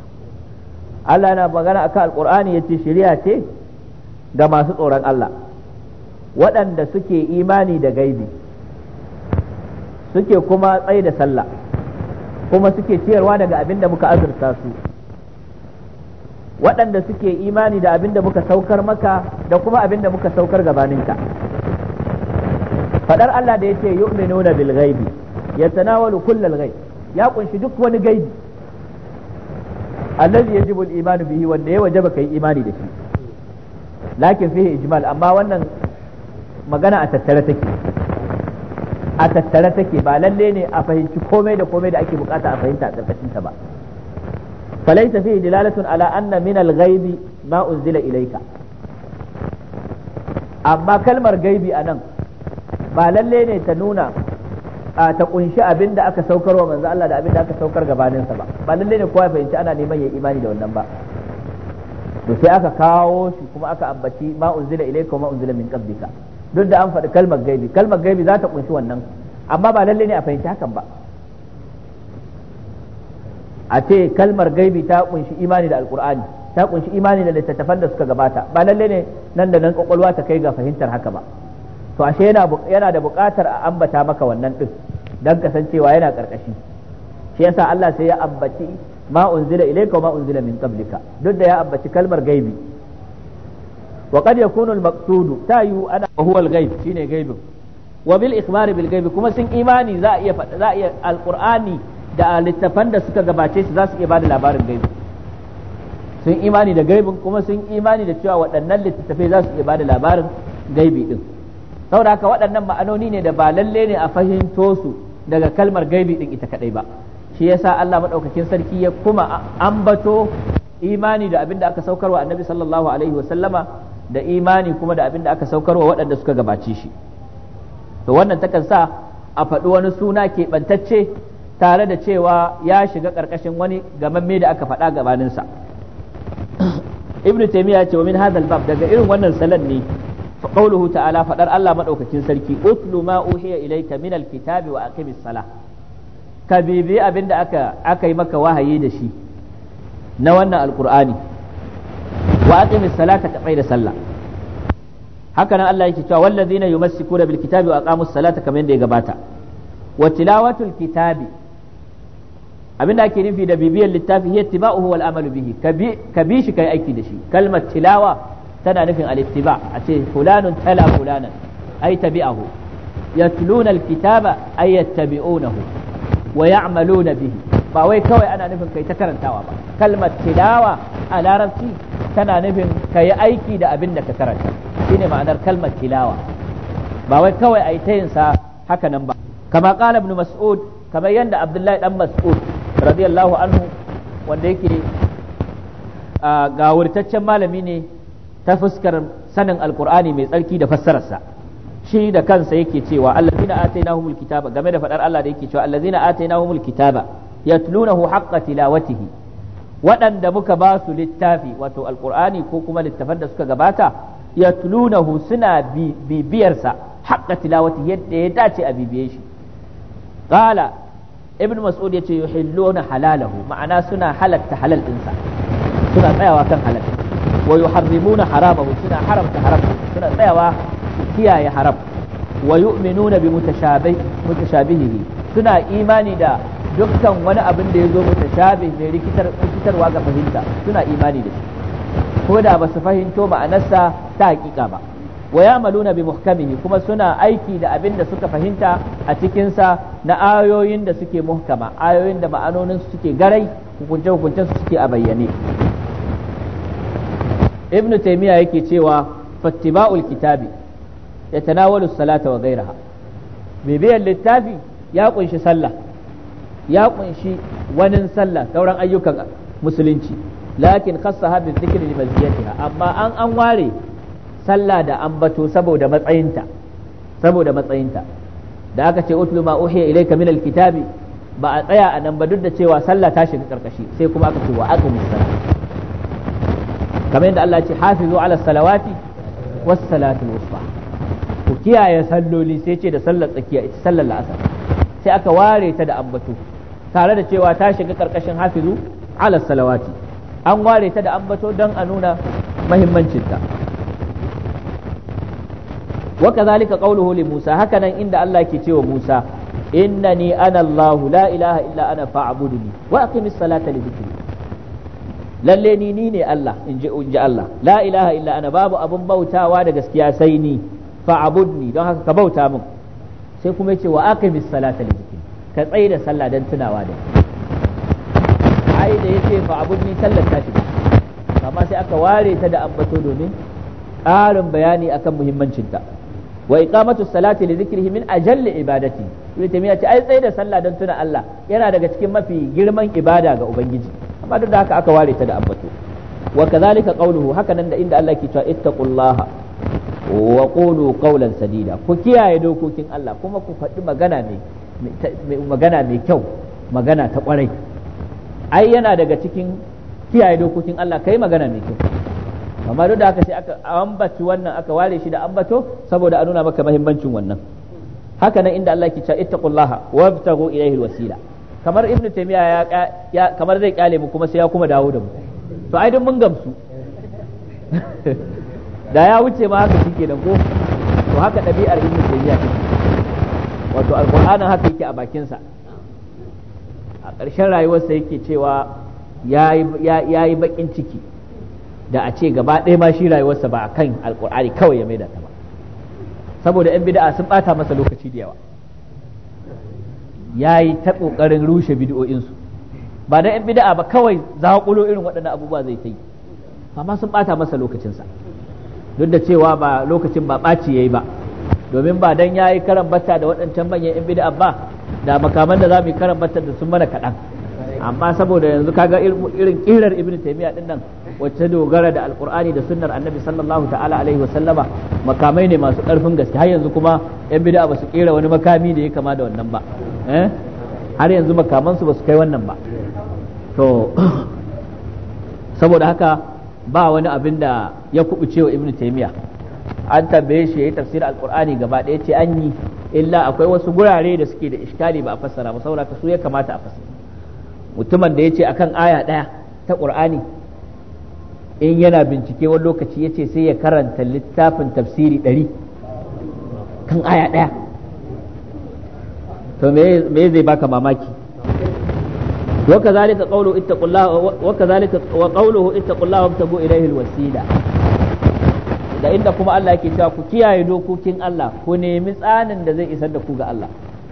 Allah yana magana akan alqur'ani yace shari'a ce ga masu tsoron Allah waɗanda suke imani da gaibi suke kuma tsaye da sallah kuma suke ciyarwa daga abin da muka azurta su waɗanda suke imani da abin da muka saukar maka da kuma abin da muka saukar gabaninka faɗar Allah da ya ce yu'minuna ya ghaibi wani kullal gai ya kunshi duk wani gaibi allazi yajibu al-iman bihi wanda ya wajaba kai imani da shi lakin fihi ijmal amma wannan magana a tattare take a tattare take ba lalle ne a fahimci komai da komai da ake bukata a fahimta a karkashin ta ba falaita fi dilalatun ala anna min al-ghaibi ma unzila ilaika amma kalmar gaibi a nan ba lalle ne ta nuna a ta kunshi abin da aka saukar wa manzo Allah da abin da aka saukar gabanin sa ba ba lalle ne kowa fahimci ana neman ya imani da wannan ba to sai aka kawo shi kuma aka ambaci ma unzila ilaika ma unzila min qablika duk da an faɗi kalmar gaibi kalmar gaibi za ta kunshi wannan amma ba lalle ne a fahimci hakan ba a ce kalmar gaibi ta kunshi imani da alkur'ani ta kunshi imani da littattafan da suka gabata ba lalle ne nan da nan kwakwalwa ta kai ga fahimtar haka ba to ashe yana yana da buƙatar a ambata maka wannan din dan kasancewa yana karkashi shi yasa Allah sai ya ambaci ma unzila ilayka ma unzila min qablika duk da ya ambaci kalmar gaibi wa qad yakunu al ta yu ana huwa al-ghaib shine gaibin wa bil bil ghaib kuma sun imani za iya za da littafan suka gabace shi za iya bada labarin gaibi sun imani da gaibin kuma sun imani da cewa waɗannan littattafai za iya bada labarin gaibi din saboda haka waɗannan ma'anoni ne da ba lalle ne a fahimto su daga kalmar gaibi din ita kadai ba shi yasa Allah maɗaukakin sarki ya kuma ambato imani da abin da aka saukarwa annabi sallallahu alaihi wa sallama da imani kuma da abin da aka saukarwa waɗanda suka gabaci shi to wannan takan sa a faɗi wani suna keɓantacce tare da cewa ya shiga ƙarƙashin wani gamamme da aka faɗa gabaninsa ibnu taymiya ce wa min hadal bab daga irin wannan salan ne fa qawluhu ta'ala fadar Allah madaukakin sarki utlu ma uhiya ilayka min alkitabi wa aqimis salah ka bibi abinda aka aka yi maka wahayi da shi na wannan alqur'ani wa aqimis salata ka da sallah haka nan Allah yake cewa wallazina yumassikuna bil kitabi wa aqamus salata kamar yadda ya gabata wa tilawatul kitabi abinda ake nufi da bibiyar littafi hiya ittiba'uhu wal amalu bihi ka bi shi kai aiki da shi kalmar tilawa tana nufin al a ce fulanun tala fulanan ay tabi'ahu yatluna al kitaba ay yattabi'unahu wa ya'maluna bihi ba wai kawai ana nufin kai ta karantawa ba kalmar tilawa a larabci tana nufin ka yi aiki da abin da ka karanta shine ma'anar kalmar tilawa ba wai kawai a yi ta yinsa haka nan ba kama kala ibn mas'ud kamar yadda abdullahi dan mas'ud radiyallahu anhu wanda yake gawurtaccen malami ne ta fuskar sanin alkur'ani mai tsarki da fassararsa shi da kansa yake cewa allazina atainahumul kitaba game da fadar Allah da yake cewa allazina atainahumul kitaba yatlunahu haqqa tilawatihi waɗanda muka basu littafi wato Alƙur'ani ko kuma littafan da suka gabata yatlunahu suna bibiyarsa haqqa tilawati yadda ya dace a bibiye shi qala ibn mas'ud yace yuhilluna halalahu ma'ana suna halatta halal dinsa suna tsayawa kan halal wa yuharrimuna haramahu suna haramta haram suna tsayawa kiyaye haram wa bi suna imani da dukkan wani abin da ya zo mutashabi mai rikitarwa ga fahimta suna imani da shi ko da ba su fahimto ma'anarsa ta hakika ba wa ya'maluna bi muhkamihi kuma suna aiki da abin da suka fahimta a cikinsa na ayoyin da suke muhkama ayoyin da ma'anonin suke garai hukunce hukuncen su suke a bayyane ibnu taymiya yake cewa fattiba'ul kitabi yatanawalu salata wa ghayraha bibiyan littafi ya kunshi sallah ya kunshi wani sallah sauran ayyukan musulunci lakin khassa bi zikri li maziyatiha amma an an ware sallah da ambato saboda matsayinta saboda matsayinta da aka ce utlu ma uhiya ilayka min alkitabi ba a tsaya a nan ba duk da cewa sallah ta shiga karkashi sai kuma aka ce wa aqimu sallah kamar yadda Allah ce hafizu ala salawati was salatul wusta ku kiyaye salloli sai ce da sallar tsakiya ita sallar la'asar sai aka ware ta da ambato tare da cewa ta shiga karkashin hafizu ala salawati an ware ta da ambato don a nuna mahimmancinta wa kazalika qawluhu li Musa hakanan inda Allah ke cewa Musa innani ana Allah la ilaha illa ana fa'budni wa aqimis salata li dhikri lalle ni ni ne Allah in ji Allah la ilaha illa ana babu abun bautawa da gaskiya sai ni fa'budni don haka ka bauta min sai kuma yace wa aqimis salata li ka tsaye da sallah don tunawa da ai da yace fa abudni sallar ta amma sai aka ware ta da ambato domin ƙarin bayani akan muhimmancinta wa iqamatu salati li dhikrihi min ajalli ibadati ibn tamiya ce ai tsaye da sallah don tuna Allah yana daga cikin mafi girman ibada ga ubangiji amma duk da haka aka ware ta da ambato wa kadhalika qawluhu haka nan da inda Allah ke cewa ittaqullaha wa qulu qawlan sadida ku kiyaye dokokin Allah kuma ku faɗi magana ne magana mai kyau magana ta kwarai ai yana daga cikin kiyaye dokokin Allah kai magana mai kyau amma duk da haka sai aka ambaci wannan aka ware shi da ambato saboda a nuna maka mahimmancin wannan haka nan inda Allah ke cewa ittaqullaha wabtagu ilayhi alwasila kamar ibnu taymiya ya kamar zai kyale mu kuma sai ya kuma dawo da mu to ai duk mun gamsu da ya wuce ma haka nan ko to haka ɗabi'ar ibnu taymiya take wato alkur'anin haka yake a bakin sa a ƙarshen rayuwarsa yake cewa ya yi baƙin ciki da a ce gaba ɗaya ma shi rayuwarsa ba a kan alƙur'ani kawai ya maida ta ba saboda 'yan bida'a sun ɓata masa lokaci da yawa ya yi ta ƙoƙarin rushe bidiyoyinsu ba da 'yan bida'a ba kawai zaƙulo irin waɗannan abubuwa zai ta yi amma sun ɓata masa lokacinsa duk da cewa ba lokacin ba ɓaci ya yi ba domin ba dan yayi karan bata da waɗancan manyan yan bid'a ba da makaman da za mu yi karan bata da sun mana kaɗan amma saboda yanzu kaga irin kirar Ibn taymiya din nan wacce dogara da alqur'ani da sunnar annabi sallallahu ta'ala alaihi wasallama makamai ne masu karfin gaske har yanzu kuma yan bid'a ba su kira wani makami da ya kama da wannan ba eh har yanzu makaman ba su kai wannan ba to saboda haka ba wani abin da ya kubuce wa Ibn taymiya an tambaye shi yayi tafsir alqur'ani gaba ɗaya ce an yi illa akwai wasu gurare da suke da iskali ba a fassara ba saboda su ya kamata a fassara mutumin da yace akan aya ɗaya ta qur'ani in yana bincike wani lokaci yace sai ya karanta littafin tafsiri ɗari kan aya ɗaya to me zai baka mamaki وكذلك قوله اتقوا الله وكذلك وقوله اتقوا الله وابتغوا اليه الوسيله da inda kuma Allah yake cewa ku kiyaye dokokin Allah ku nemi tsanin da zai isar da ku ga Allah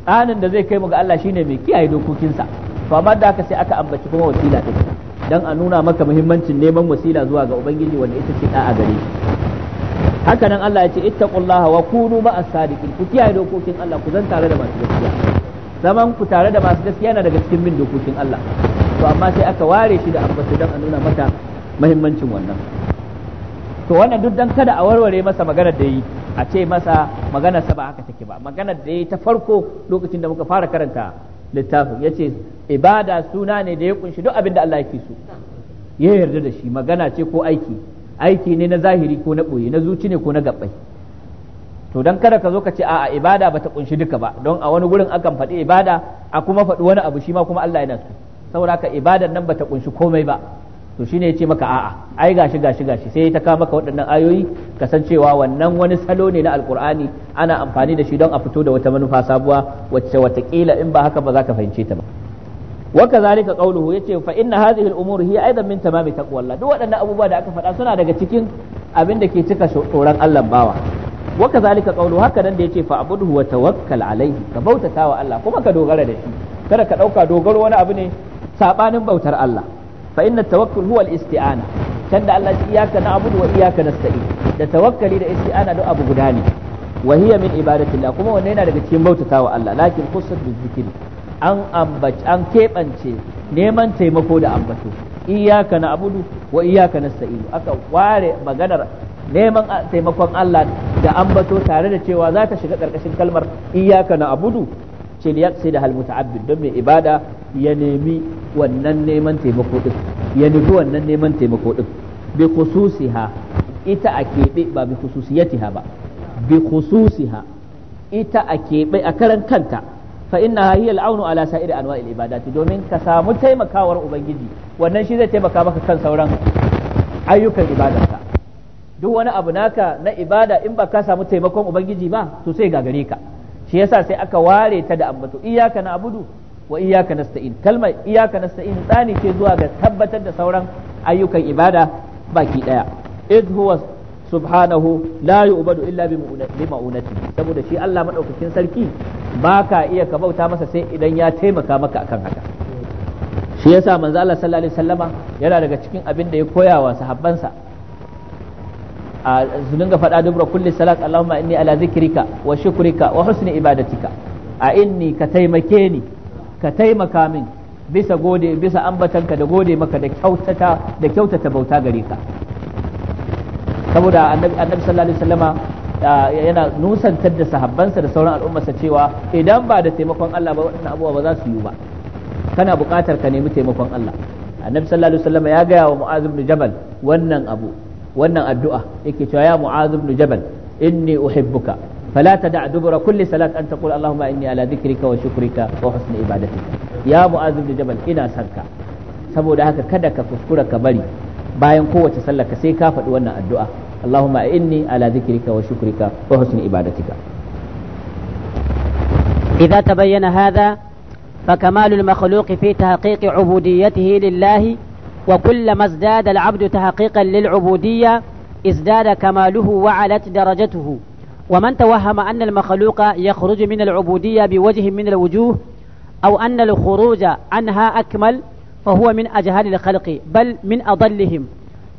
tsanin da zai kai mu ga Allah shine mai kiyaye dokokinsa to amma da aka sai aka ambaci kuma wasila din dan a nuna maka muhimmancin neman wasila zuwa ga ubangiji wanda ita ce da'a gare haka nan Allah ya ce ittaqullaha wa kunu ma'as sadiqin ku kiyaye dokokin Allah ku zan tare da masu gaskiya zaman ku tare da masu gaskiya yana daga cikin bin dokokin Allah to amma sai aka ware shi da ambaci dan a nuna mata muhimmancin wannan to wannan duk dan kada a warware masa maganar da yi a ce masa maganar sa ba haka take ba maganar da yi ta farko lokacin da muka fara karanta littafin yace ibada suna ne da ya kunshi duk abin da Allah yake so ya yarda da shi magana ce ko aiki aiki ne na zahiri ko na boye na zuci ne ko na gabbai to dan kada ka zo ka ce a'a ibada ba ta kunshi duka ba don a wani gurin akan faɗi ibada a kuma faɗi wani abu shi ma kuma Allah yana so saboda haka ibadar nan ba ta kunshi komai ba to ne ya ce maka a'a ai gashi gashi gashi sai ta kawo maka waɗannan ayoyi kasancewa wannan wani salo ne na alkur'ani ana amfani da shi don a fito da wata manufa sabuwa wacce watakila in ba haka ba za ka fahimce ta ba wa kazalika qawluhu yace fa inna hadhihi al-umur hiya aidan min tamami taqwallah duk waɗannan abubuwa da aka faɗa suna daga cikin abin da ke cika tsoron Allah bawa wa kazalika qawluhu haka nan da yace fa abudhu wa tawakkal alayhi ka bautata wa Allah kuma ka dogara da shi kada ka dauka dogaro wani abu ne sabanin bautar Allah fa inna tawakkul huwa al-isti'ana can da Allah iyyaka na'budu wa iyyaka nasta'in da tawakkali da isti'ana duk abu guda ne wa hiya min ibadatillah kuma wannan yana daga cikin bautatawa Allah lakin qusat bi zikri an keɓance neman taimako da ambato iyyaka na'budu wa iyyaka nasta'in aka ware maganar neman taimakon Allah da ambato tare da cewa za ta shiga karkashin kalmar iyyaka na'budu da da hal muta'abbid don mai ibada ya nemi wannan neman taimako din ya nufi wannan neman taimako din bi khususiha ita a keɓe ba bi khususiyatiha ba bi khususiha ita a keɓe a karan kanta fa inna hiya aunu ala sa'iri anwa'il ibadati domin ka samu taimakawar ubangiji wannan shi zai taimaka maka kan sauran ayyukan ibadarka duk wani abu naka na ibada in ba ka samu taimakon ubangiji ba to sai gagare ka shi yasa sai aka ware ta da ambato iyyaka na abudu wa iyyaka nasta'in kalmar nasta'in tsani ce zuwa ga tabbatar da sauran ayyukan ibada baki daya idh huwa subhanahu la yu'badu illa bi ma'unati saboda shi Allah madaukakin sarki baka iya ka bauta masa sai idan ya taimaka maka akan haka shi yasa manzo Allah sallallahu alaihi wasallama yana daga cikin abin da ya koya wa sahabbansa a su dinga faɗa dubra kulli salat Allahumma inni ala zikrika wa shukrika wa husni ibadatika a inni ka taimake ni ka taimaka min bisa gode bisa ambatanka da gode maka da kyautata da kyautata bauta gare ka saboda annabi sallallahu alaihi wasallama yana nusantar da sahabbansa da sauran al'ummarsa cewa idan ba da taimakon Allah ba waɗannan abubuwa ba za su yi ba kana buƙatar ka nemi taimakon Allah annabi sallallahu alaihi wasallam ya gaya wa mu'az ibn jabal wannan abu wannan addu'a yake cewa ya mu'az ibn jabal inni uhibbuka فلا تدع دبر كل صلاة أن تقول اللهم إني على ذكرك وشكرك وحسن عبادتك يا معاذ بن جبل إنا سنك سبو haka كدك ka kuskura باين قوة سلك سيكا sallar الدعاء اللهم إني على ذكرك وشكرك وحسن إبادتك إذا تبين هذا فكمال المخلوق في تحقيق عبوديته لله وكلما ازداد العبد تحقيقا للعبودية ازداد كماله وعلت درجته ومن توهم أن المخلوق يخرج من العبودية بوجه من الوجوه أو أن الخروج عنها أكمل فهو من أجهل الخلق بل من أضلهم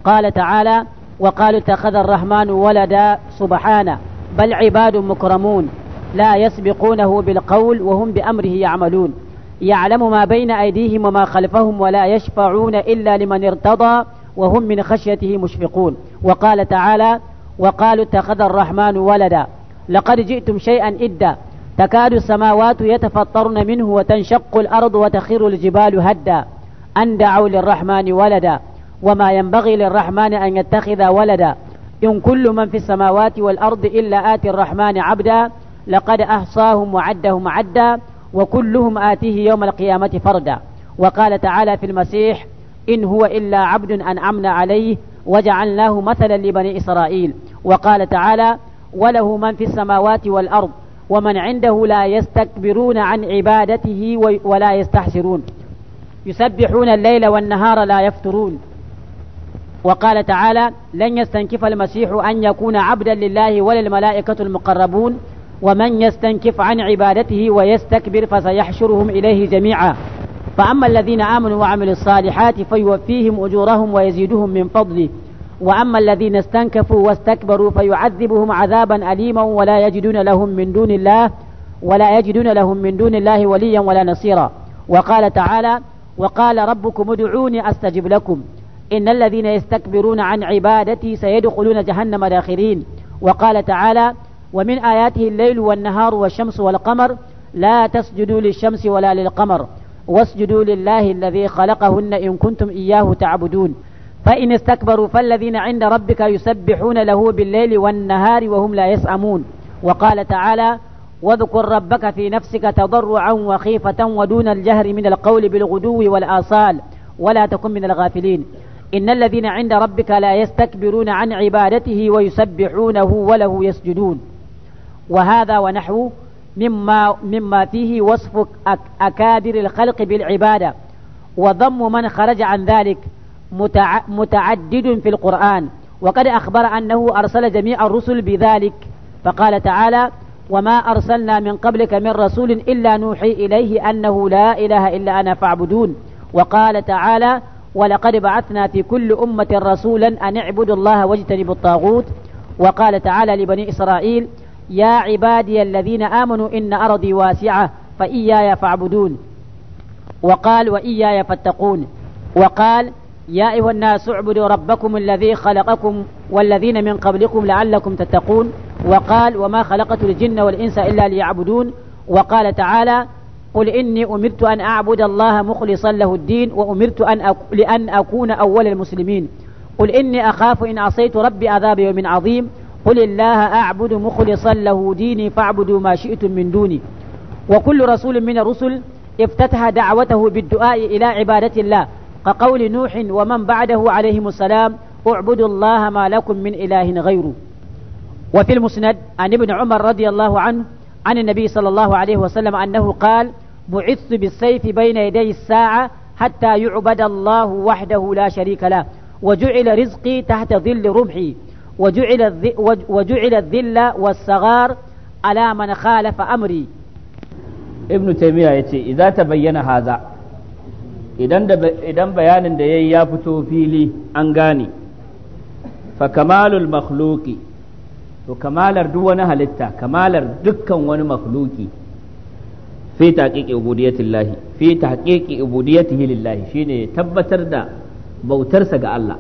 قال تعالى وقالوا اتخذ الرحمن ولدا سبحانه بل عباد مكرمون لا يسبقونه بالقول وهم بأمره يعملون يعلم ما بين أيديهم وما خلفهم ولا يشفعون إلا لمن ارتضى وهم من خشيته مشفقون وقال تعالى وقالوا اتخذ الرحمن ولدا لقد جئتم شيئا إدا تكاد السماوات يتفطرن منه وتنشق الأرض وتخر الجبال هدا أن دعوا للرحمن ولدا وما ينبغي للرحمن أن يتخذ ولدا إن كل من في السماوات والأرض إلا آتي الرحمن عبدا لقد أحصاهم وعدهم عدا وكلهم آتيه يوم القيامة فردا وقال تعالى في المسيح إن هو إلا عبد أنعمنا عليه وجعلناه مثلا لبني إسرائيل وقال تعالى وله من في السماوات والأرض ومن عنده لا يستكبرون عن عبادته ولا يستحسرون يسبحون الليل والنهار لا يفترون وقال تعالى لن يستنكف المسيح أن يكون عبدا لله ولا الملائكة المقربون ومن يستنكف عن عبادته ويستكبر فسيحشرهم إليه جميعا فأما الذين آمنوا وعملوا الصالحات فيوفيهم أجورهم ويزيدهم من فضله وأما الذين استنكفوا واستكبروا فيعذبهم عذابا أليما ولا يجدون لهم من دون الله ولا يجدون لهم من دون الله وليا ولا نصيرا وقال تعالى وقال ربكم ادعوني أستجب لكم إن الذين يستكبرون عن عبادتي سيدخلون جهنم داخرين وقال تعالى ومن آياته الليل والنهار والشمس والقمر لا تسجدوا للشمس ولا للقمر واسجدوا لله الذي خلقهن إن كنتم إياه تعبدون فإن استكبروا فالذين عند ربك يسبحون له بالليل والنهار وهم لا يسأمون وقال تعالى واذكر ربك في نفسك تضرعا وخيفة ودون الجهر من القول بالغدو والآصال ولا تكن من الغافلين إن الذين عند ربك لا يستكبرون عن عبادته ويسبحونه وله يسجدون وهذا ونحوه مما, مما فيه وصف أكابر الخلق بالعبادة وضم من خرج عن ذلك متعدد في القرآن وقد أخبر أنه أرسل جميع الرسل بذلك فقال تعالى وما أرسلنا من قبلك من رسول إلا نوحي إليه أنه لا إله إلا أنا فاعبدون وقال تعالى ولقد بعثنا في كل أمة رسولا أن اعبدوا الله واجتنبوا الطاغوت وقال تعالى لبني إسرائيل يا عبادي الذين آمنوا إن أرضي واسعة فإياي فاعبدون وقال وإياي فاتقون وقال يا أيها الناس اعبدوا ربكم الذي خلقكم والذين من قبلكم لعلكم تتقون وقال وما خلقت الجن والإنس إلا ليعبدون وقال تعالى قل إني أمرت أن أعبد الله مخلصا له الدين وأمرت أن أك... لأن أكون أول المسلمين قل إني أخاف إن عصيت ربي عذاب يوم عظيم قل الله أعبد مخلصا له ديني فاعبدوا ما شئتم من دوني وكل رسول من الرسل افتتح دعوته بالدعاء إلى عبادة الله كقول نوح ومن بعده عليهم السلام اعبدوا الله ما لكم من إله غيره وفي المسند عن ابن عمر رضي الله عنه عن النبي صلى الله عليه وسلم أنه قال بعثت بالسيف بين يدي الساعة حتى يعبد الله وحده لا شريك له وجعل رزقي تحت ظل رمحي وجعل وجعل الذل والصغار على من خالف أمري ابن تيمية يتي إذا تبين هذا idan bayanin da ya yi ya fito fili an gane fa kamalul makhluki to kamalar duk wani halitta kamalar dukkan wani makhluki fi taqiqi ubudiyatillahi fi taqiqi ubudiyatihi tabbatar da bautarsa ga Allah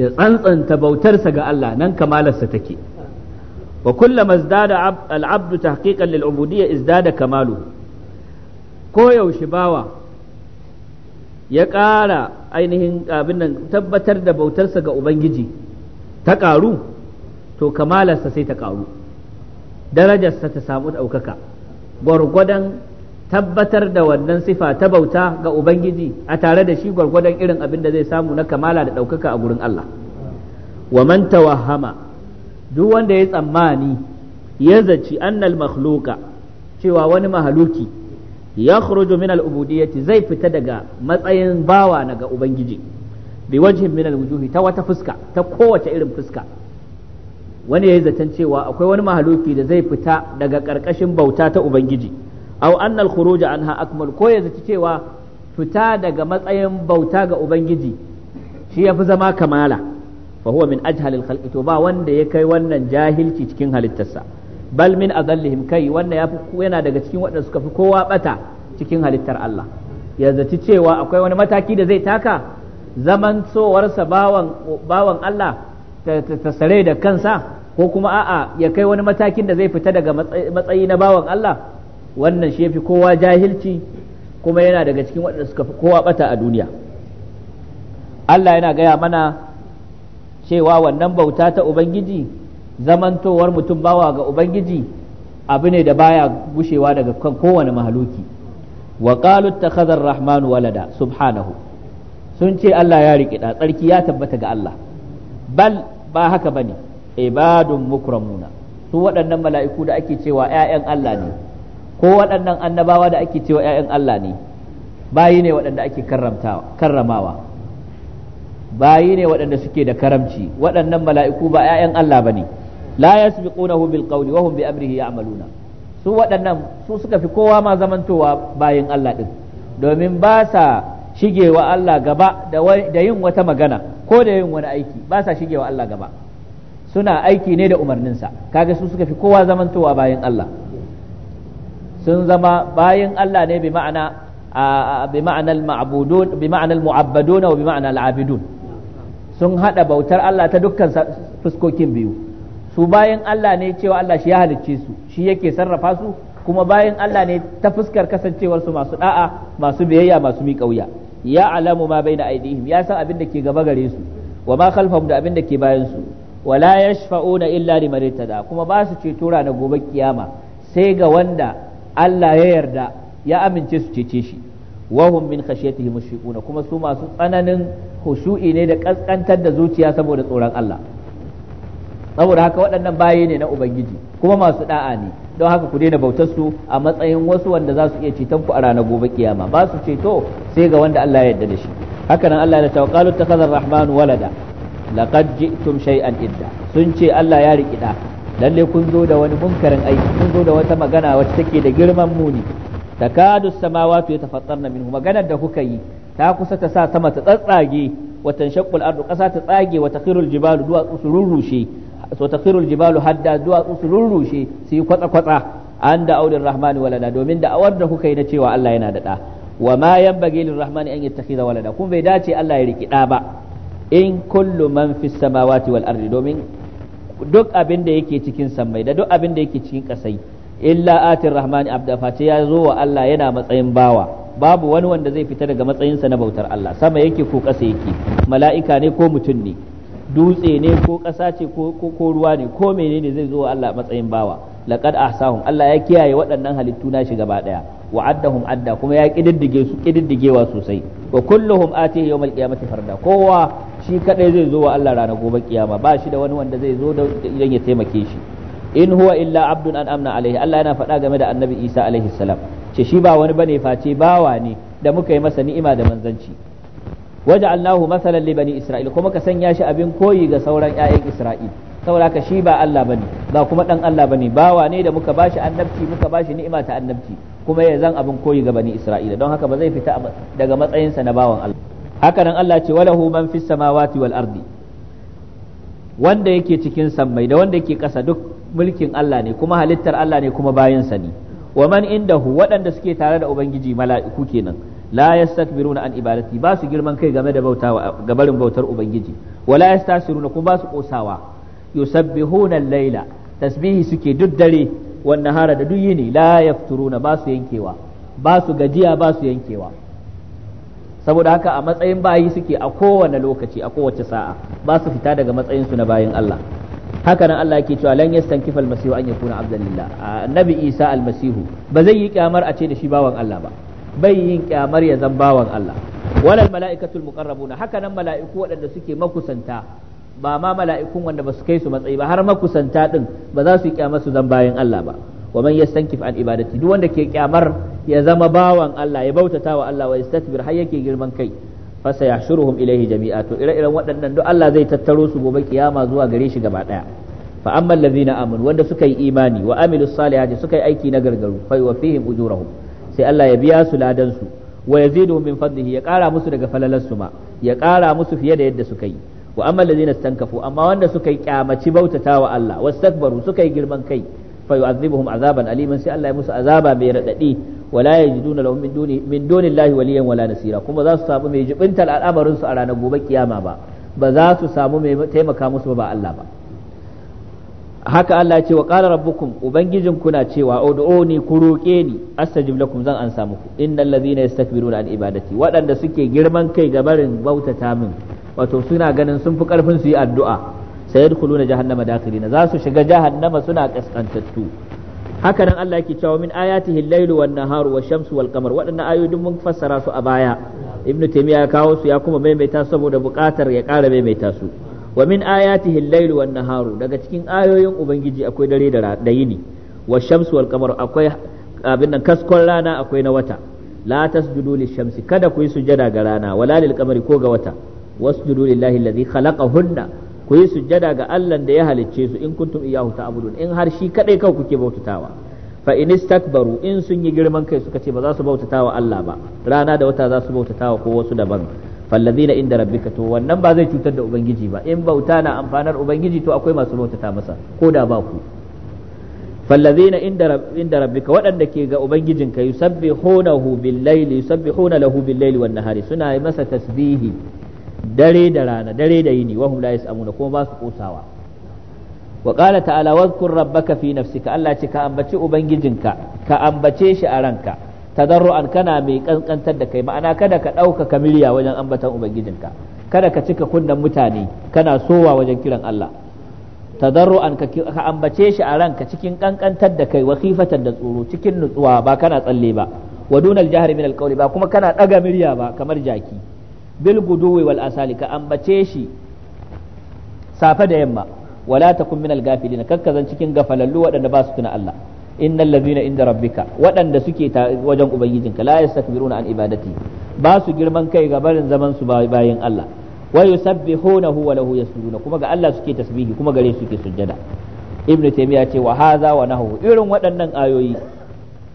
ya tsantsanta bautarsa ga Allah nan kamalarsa take wa kullama izdada al-abdu tahqiqan lil ubudiyya izdada kamalu ko yaushe bawa ya ƙara ainihin abin nan tabbatar da bautarsa ga ubangiji ta ƙaru to kamalarsa sai ta ƙaru darajarsa ta samu ɗaukaka gwargwadon tabbatar da wannan sifa ta bauta ga ubangiji a tare da shi gwargwadon irin abin da zai samu na kamala da ɗaukaka a gurin Allah wa man tawahama duk wanda ya tsammani ya zaci annal makhluqa cewa wani mahaluki ya khuruju min al-ubudiyyati zai fita daga matsayin bawa na ga ubangiji bi wajhin min al ta wata fuska ta kowace irin fuska wani ya yi zaton cewa akwai wani mahaluki da zai fita daga ƙarƙashin bauta ta ubangiji aw annal al-khuruj anha akmal ko ya zaci cewa fita daga matsayin bauta ga ubangiji shi yafi zama kamala fa huwa min ajhalil khalqi to ba wanda ya kai wannan jahilci cikin halittarsa bal min azallihim kai wannan yafi yana daga cikin waɗanda suka fi kowa bata cikin halittar Allah ya zaci cewa akwai wani mataki da zai taka zaman sowarsa bawan bawan Allah ta sare da kansa ko kuma a'a ya kai wani matakin da zai fita daga matsayi na bawan Allah wannan shi fi kowa jahilci kuma yana daga cikin waɗanda suka fi kowa bata a duniya Allah yana gaya mana cewa wannan bauta ta Ubangiji zamantowar mutum bawa ga Ubangiji abu ne da baya gushewa daga kan kowane mahaluki wa qalu takhadha rahmanu walada subhanahu sun ce Allah ya riƙe da tsarki ya tabbata ga Allah bal ba haka bane ibadun mukramuna su waɗannan mala'iku da ake cewa 'ya'yan Allah ne ko waɗannan annabawa da ake cewa 'ya'yan Allah ne bayi ne waɗanda ake karramawa bayi ne waɗanda suke da karamci waɗannan mala'iku ba 'ya'yan Allah ba ne la yasbiqunahu bil ƙauni wa hum bi amrihi amaluna. su waɗannan su suka fi kowa ma zamantowa bayin Allah ɗin, domin ba sa shigewa Allah gaba da yin wata magana ko da yin wani aiki ba sa shigewa Allah gaba suna aiki ne da umarninsa kaga su suka fi kowa zamantowa bayin Allah sun zama bayin Allah ne bi ma'ana bi ma'anal ma'budun bi ma'anal wa bi ma'anal abidun sun hada bautar Allah ta dukkan fuskokin biyu su bayan Allah ne cewa Allah shi ya halicce su shi yake sarrafa su kuma bayan Allah ne ta fuskar kasancewar su masu da'a masu biyayya masu miƙauya ya alamu ma da aidihim ya san abin da ke gaba gare su wa ma khalfahum da abin da ke bayan su wa la yashfa'una illa liman kuma ba su ceto ranar gobe kiyama sai ga wanda Allah ya yarda ya amince su cece shi wahum min khashyatihi mushfiquna kuma su masu tsananin khushu'i ne da kaskantar da zuciya saboda tsoron Allah saboda haka waɗannan baye ne na ubangiji kuma masu da'a ne don haka ku daina bautar su a matsayin wasu wanda za su iya ceton ku a ranar gobe kiyama ba su ceto sai ga wanda Allah ya yarda da shi haka nan Allah ya ta qalu takhadha ar-rahman walada laqad ji'tum shay'an idda sun ce Allah ya riki da lalle kun zo da wani munkarin aiki kun zo da wata magana wacce take da girman muni takadu samawati yatafattarna minhu maganar da kuka yi ta kusa ta sa sama ta tsatsage wa tanshaqqul ardu qasa ta tsage wa takhirul jibalu duwatsu su rurrushe so takhirul jibalu hadda duwatsu su rurrushe su yi kwatsa kwatsa an da aulin rahmani walada domin da awar da kuka yi na cewa Allah yana da da wa ma yanbaghi lir rahmani an yattakhidha walada kun bai dace Allah ya riki da ba in kullu man fis samawati wal ardi domin duk abin da yake cikin sammai da duk abin da yake cikin kasai illa atir rahmani abda face ya zo wa Allah yana matsayin bawa babu wani wanda zai fita daga matsayinsa na bautar Allah sama yake ko kasa yake mala'ika ne ko mutum ne dutse ne ko ƙasa ce ko ruwa ne ko menene zai zo wa Allah matsayin bawa laqad ahsahum Allah ya kiyaye waɗannan halittu na shi gaba daya wa addahum adda kuma ya kididdige su kididdigewa sosai wa kulluhum atihi yawmal qiyamati farda kowa shi kadai zai zo wa Allah rana gobe kiyama ba shi da wani wanda zai zo idan ya taimake shi in huwa illa abdun an amna alaihi Allah yana faɗa game da annabi Isa alaihi salam ce shi ba wani bane face bawa ne da muka yi masa ni'ima da manzanci waja'alnahu masalan li bani isra'il kuma ka sanya shi abin koyi ga sauran ƴaƴan isra'il saboda ka shi ba Allah bane ba kuma dan Allah bane bawa ne da muka bashi annabci muka bashi ni'ima ta annabci kuma ya zan abin koyi ga bani isra'ila don haka ba zai fita daga matsayinsa na bawan Allah hakanan Allah ce walahu man fis samawati wal ardi wanda yake cikin sammai da wanda yake ƙasa duk mulkin Allah ne kuma halittar Allah ne kuma bayan sa ne wa man indahu waɗanda suke tare da ubangiji mala'iku kenan la yastakbiruna an ibadati ba su girman kai game da bautawa gabarin bautar ubangiji wala yastasiruna kuma ba su kosawa yusabbihuna al-laila tasbihi suke duk dare wannan hara da duk yini la yafturuna ba su yankewa ba su gajiya ba su yankewa saboda haka a matsayin bayi suke a kowane lokaci a kowace sa'a ba su fita daga matsayin su na bayin Allah haka nan Allah yake cewa lan yastankifa almasihu an yakuna abdan lillah annabi Isa almasihu ba zai yi kyamar a ce da shi bawan Allah ba bai yin kyamar ya zan bawan Allah walal mala'ikatul muqarrabuna haka nan mala'iku waɗanda suke makusanta ba ma mala'ikun wanda ba su kai su matsayi ba har makusanta din ba za su yi kyamar su zan bayan Allah ba wa man yastankif an ibadati duk wanda ke kyamar ya zama bawan Allah ya bautata wa Allah wa istakbir har yake girman kai fa sayahshuruhum ilayhi jami'a to ire-iren waɗannan duk Allah zai tattaro su gobe kiyama zuwa gare shi gaba daya fa amman ladina amanu wanda suka yi imani wa amilus salihati suka yi aiki na gargaru fa yuwaffihim ujurahum sai Allah ya biya su ladan su wa yaziduhum min fadlihi ya kara musu daga falalarsu ma ya kara musu fiye da yadda suka yi wa amma allazina stankafu amma wanda suka yi kyamaci wa Allah wastakbaru suka yi girman kai fa yu'adhibuhum azaban aliman sai Allah ya musu azaba mai radadi wala yajiduna lahum min duni min dunillahi waliyan wala na sira kuma za su samu mai jibintar al'amarin su a ranar gobe kiyama ba ba za su samu mai taimaka musu ba Allah ba haka Allah ce wa qala rabbukum ubangijin kuna cewa ud'uni ku roƙe ni astajib lakum zan ansa muku innal ladhina yastakbiruna an ibadati waɗanda suke girman kai ga barin bautata min wato suna ganin sun fi karfin su yi addu'a sayadkhuluna jahannama na za su shiga jihar nama suna kaskantattu haka nan Allah yake cewa min ayatihi al-lailu wan naharu wash shamsu wal qamar waɗannan ayoyi mun fassara su a baya ibnu taymiya ya kawo su ya kuma maimaita saboda buƙatar ya ƙara maimaita su wa min ayatihi al-lailu wan naharu daga cikin ayoyin ubangiji akwai dare da da yini wash shamsu wal qamar akwai abin nan kaskon rana akwai na wata la tasjudu lish shamsi kada ku yi sujada ga rana wala lil qamari ko ga wata wasjudu lillahi alladhi khalaqahunna ku yi sujjada ga Allah da ya halicce su in kuntum iyyahu ta'budun in har shi kadai kawai kuke bautatawa fa in istakbaru in sun yi girman kai suka ce ba za su bautatawa Allah ba rana da wata za su bautatawa ko wasu daban fallazina inda rabbika to wannan ba zai cutar da ubangiji ba in bauta na amfanar ubangiji to akwai masu bautata masa ko da ba ku fallazina inda rabbika waɗanda ke ga ubangijin ubangijinka yusabbihunahu bil-laili yusabbihuna lahu bil-laili wan-nahari suna masa tasbihi dare da rana dare da yini wahum la yasamuna kuma ba su kosawa wa qala ta'ala wadhkur rabbaka fi nafsika Allah ce ka ambace ubangijinka ka ambace shi a ranka tadarruan kana mai kankantar da kai ma'ana kada ka dauka kamiliya wajen ambatan ubangijinka kada ka cika kunnan mutane kana sowa wajen kiran Allah tadarruan ka ambace shi a ranka cikin kankantar da kai wa khifatan da tsoro cikin nutsuwa ba kana tsalle ba wa dunal jahri min alqawli ba kuma kana daga murya ba kamar jaki bil guduwi wal asali ka ambace shi safe da yamma wala takun minal gafilin kakkazan cikin gafalallu waɗanda ba su tuna Allah innal ladhina inda rabbika waɗanda suke wajen ubangijinka la yastakbiruna an ibadati ba su girman kai ga barin zaman su bayin Allah wa yusabbihunahu wa lahu yasjuduna kuma ga Allah suke tasbihi kuma gare suke sujjada ibnu taymiya ce wa hadha wa nahu irin waɗannan ayoyi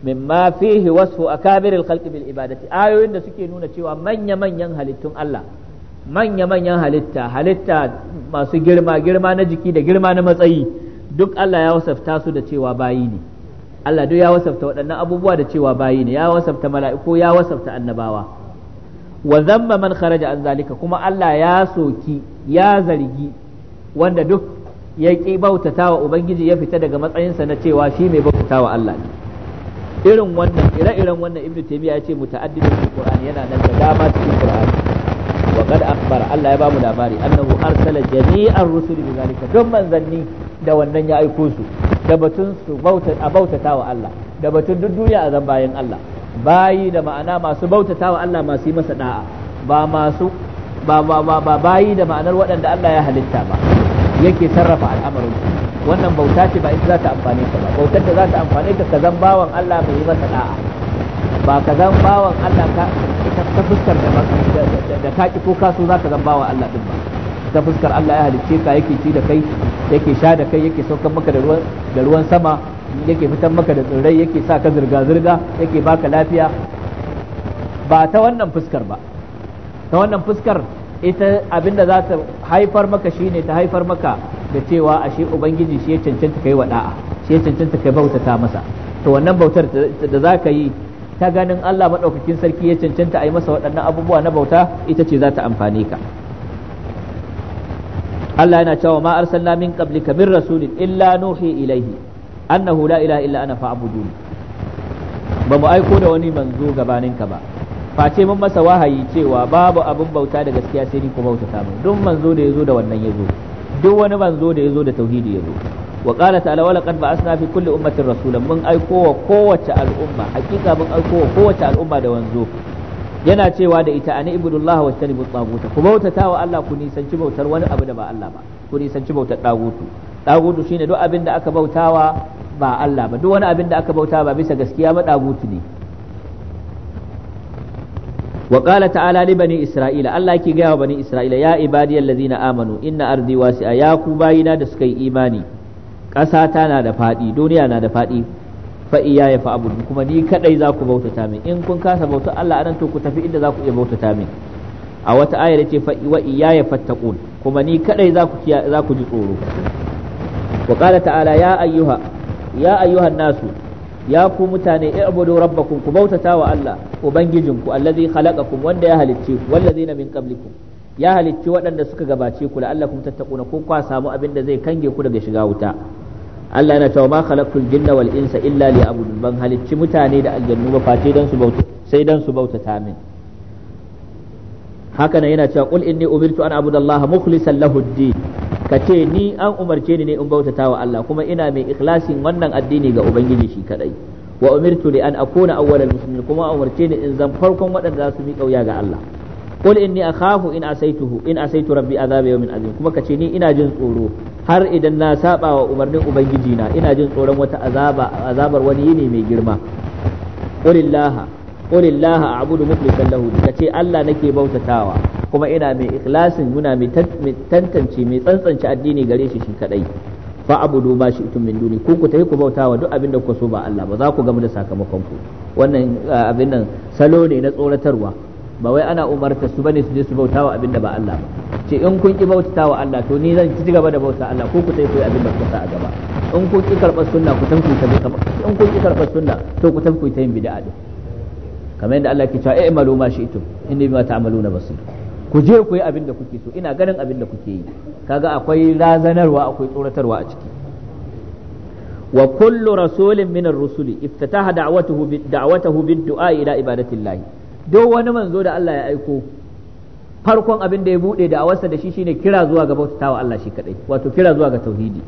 mimma fihi wasfu akabiril khalqi bil ibadati ayoyin da suke nuna cewa manya manyan halittun Allah manya manyan halitta halitta masu girma girma na jiki da girma na matsayi duk Allah ya wasafta su da cewa bayi ne Allah duk ya wasafta waɗannan abubuwa da cewa bayi ne ya wasafta mala'iku ya wasafta annabawa wa zamma man kharaja an zalika kuma Allah ya soki ya zargi wanda duk ya ki bautatawa ubangiji ya fita daga matsayinsa na cewa shi mai bautatawa Allah ne irin wannan ire-iren wannan ibnu taymiya ya ce muta'addidin alqur'ani yana nan da dama cikin qur'ani wa qad akhbara Allah ya ba mu labari annahu arsala jami'ar rusuli bi zalika duk manzanni da wannan ya aiko su da batun su bauta a bautata wa Allah da batun duk duniya a zan bayan Allah bayi da ma'ana masu bautata wa Allah masu yi masa da'a ba masu ba ba ba bayi da ma'anar waɗanda Allah ya halitta ba yake sarrafa al'amarin wannan bauta ce ba ita za ta amfane ka ba bautar da za ta amfane ka kazan bawan Allah bai yi masa da'a ba kazan bawan Allah ka ta fuskar da ka ki ko ka so za ka zan bawan Allah din ba ta fuskar Allah ya halicce ka yake ci da kai yake sha da kai yake saukar maka da ruwan da ruwan sama yake fitar maka da tsirrai yake sa ka zirga zirga yake baka lafiya ba ta wannan fuskar ba ta wannan fuskar ita abinda za ta haifar maka shi ne ta haifar maka da cewa ashe ubangiji shi ya cancanta kai wada'a shi ya cancanta kai ta masa to wannan bautar da za ka yi ta ganin Allah maɗaukakin sarki ya cancanta a yi masa waɗannan abubuwa na bauta ita ce za ta amfani ka Allah yana cewa ma arsalna min qablika min rasulin illa nuhi ilaihi annahu la ilaha illa ana fa'budun ba mu aiko da wani manzo gabaninka ba face mun masa wahayi cewa babu abin bauta da gaskiya sai ni ku bautata mai duk manzo da yazo da wannan yazo duk wani manzo da yazo da tauhidi yazo wa qala ta'ala wa laqad ba'athna fi kulli ummatin rasulan mun aiko wa kowace al'umma hakika mun aiko wa kowace al'umma da wanzo yana cewa da ita ani ibudullah wa tanibu taguta ku bautata wa Allah ku nisanci bautar wani abu da ba Allah ba ku nisanci bautar dagutu dagutu shine duk abin da aka bautawa ba Allah ba duk wani abin da aka bauta ba bisa gaskiya ba dagutu ne wa qala ta'ala bani isra'ila Allah yake gaya wa bani isra'ila ya ibadiyal ladzina amanu inna ardi wasi'a ya ku bayina da suka yi imani ƙasa duniya na da faɗi fa ya fa abu kuma ni kadai za ku bautata min in kun kasa bautar Allah anan to ku tafi inda za ku iya bautata min a wata ce ya fattaqun kuma ni kadai ji tsoro ta'ala ya ya ayyuhan nasu ya ku mutane i'budu rabbakum ku bautata wa Allah ubangijinku allazi khalaqakum wanda ya halicce ku wallazina min qablikum ya halicci waɗanda suka gabace ku la'allakum tattaquna ko kwa samu abin da zai kange ku daga shiga wuta Allah yana cewa ma khalaqtul jinna wal insa illa liya'budun ban halicci mutane da aljannu ba face dan su bauta sai dan su bautata min haka nan yana cewa qul inni umirtu an abudallaha mukhlishan lahu ad ka ce ni an umarce ni ne in bautata wa Allah kuma ina mai ikhlasin wannan addini ga ubangiji shi kadai wa umirtu li an akuna awwalal muslimin kuma umarce ni in zan farkon waɗanda za su miƙa wuya ga Allah qul inni akhafu in asaituhu in asaitu rabbi azab yawmin azim kuma kace ni ina jin tsoro har idan na saba wa umarnin ubangiji na ina jin tsoron wata azaba azabar wani yini mai girma qulillaha qulillaha a'budu mukhlishan lahu kace Allah nake bautatawa kuma ina mai ikilasin muna mai tantance mai tsantsance addini gare shi shi kadai fa abudu ma shi'tum min duni ku ku tafi ku bautawa duk abin da ku so ba Allah ba za ku gama da sakamakon ku wannan abin nan salo ne na tsoratarwa ba wai ana umarta su bane su je su bautawa abin da ba Allah ba ce in kun ki bautawa Allah to ni zan ci gaba da bauta Allah ku ku tafi ku abin da ku sa a gaba in kun ki karɓar sunna ku tafi ku in kun ki karɓar sunna to ku tafi ta yin bid'a din kamar yadda Allah ke cewa eh malu ma ito inni bima ta'maluna basir ku je ku yi abin da kuke so ina ganin abin da kuke yi kaga akwai razanarwa akwai tsoratarwa a ciki wa kullu rasulin minar rusuli iftataha da'watuhu da'watuhu bid du'a ila ibadatillahi duk wani manzo da Allah ya aiko farkon abin da ya bude da'awarsa da shi shine kira zuwa ga bautawa Allah shi kadai wato kira zuwa ga tauhidi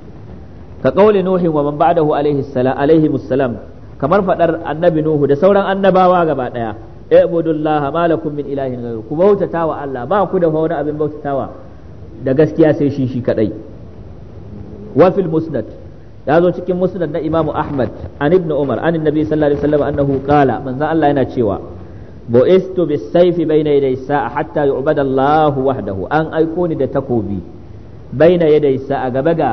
ka qauli nuhin wa man ba'dahu alaihi salam alaihi kamar fadar annabi nuhu da sauran annabawa gaba daya ibudullaha malakum min ilahin ghayru ku bautatawa Allah ba ku da wani abin bautatawa da gaskiya sai shi shi kadai wa fil musnad ya zo cikin musnad na Imam Ahmad an ibn Umar an annabi sallallahu alaihi wasallam annahu qala manzo Allah yana cewa bu'istu bis sayfi bayna yaday sa'a hatta yu'bada Allah wahdahu an aiko ni da takobi bayna yaday sa'a gaba ga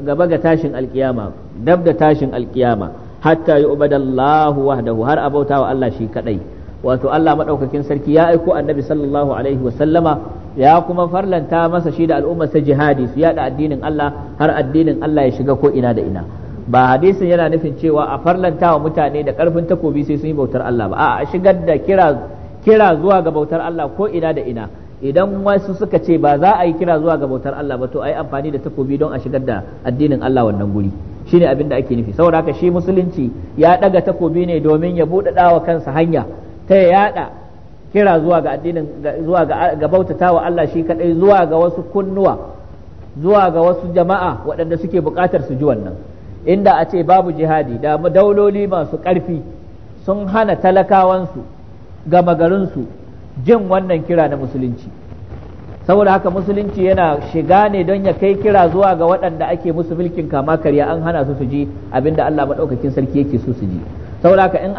gaba ga tashin alkiyama dab da tashin alkiyama hatta yu'badallahu wahdahu har abauta wa Allah shi kadai wato Allah madaukakin sarki ya aiko annabi sallallahu alaihi wa sallama ya kuma farlanta masa shi da al'umma sa jihadi su yada addinin Allah har addinin Allah ya shiga ko ina da ina ba hadisin yana nufin cewa a farlanta wa mutane da karfin takobi sai sun yi bautar Allah ba a shigar da kira kira zuwa ga bautar Allah ko ina da ina idan wasu suka ce ba za a yi kira zuwa ga bautar Allah ba to a yi amfani da takobi don a shigar da addinin Allah wannan guri shine abin da ake nufi saboda haka shi musulunci ya daga takobi ne domin ya buɗaɗa wa kansa hanya ta ya yada kira zuwa ga addinin zuwa ga bautatawa Allah shi kadai zuwa ga wasu kunnuwa zuwa ga wasu jama'a waɗanda suke buƙatar su ji wannan inda a ce babu jihadi da dauloli masu ƙarfi sun hana talakawansu gama garinsu jin wannan kira na musulunci saboda haka musulunci yana shiga ne don ya kai kira zuwa ga waɗanda ake musu mulkin kama karya an hana su su ji da Allah maɗaukakin sarki yake so su ji saboda haka in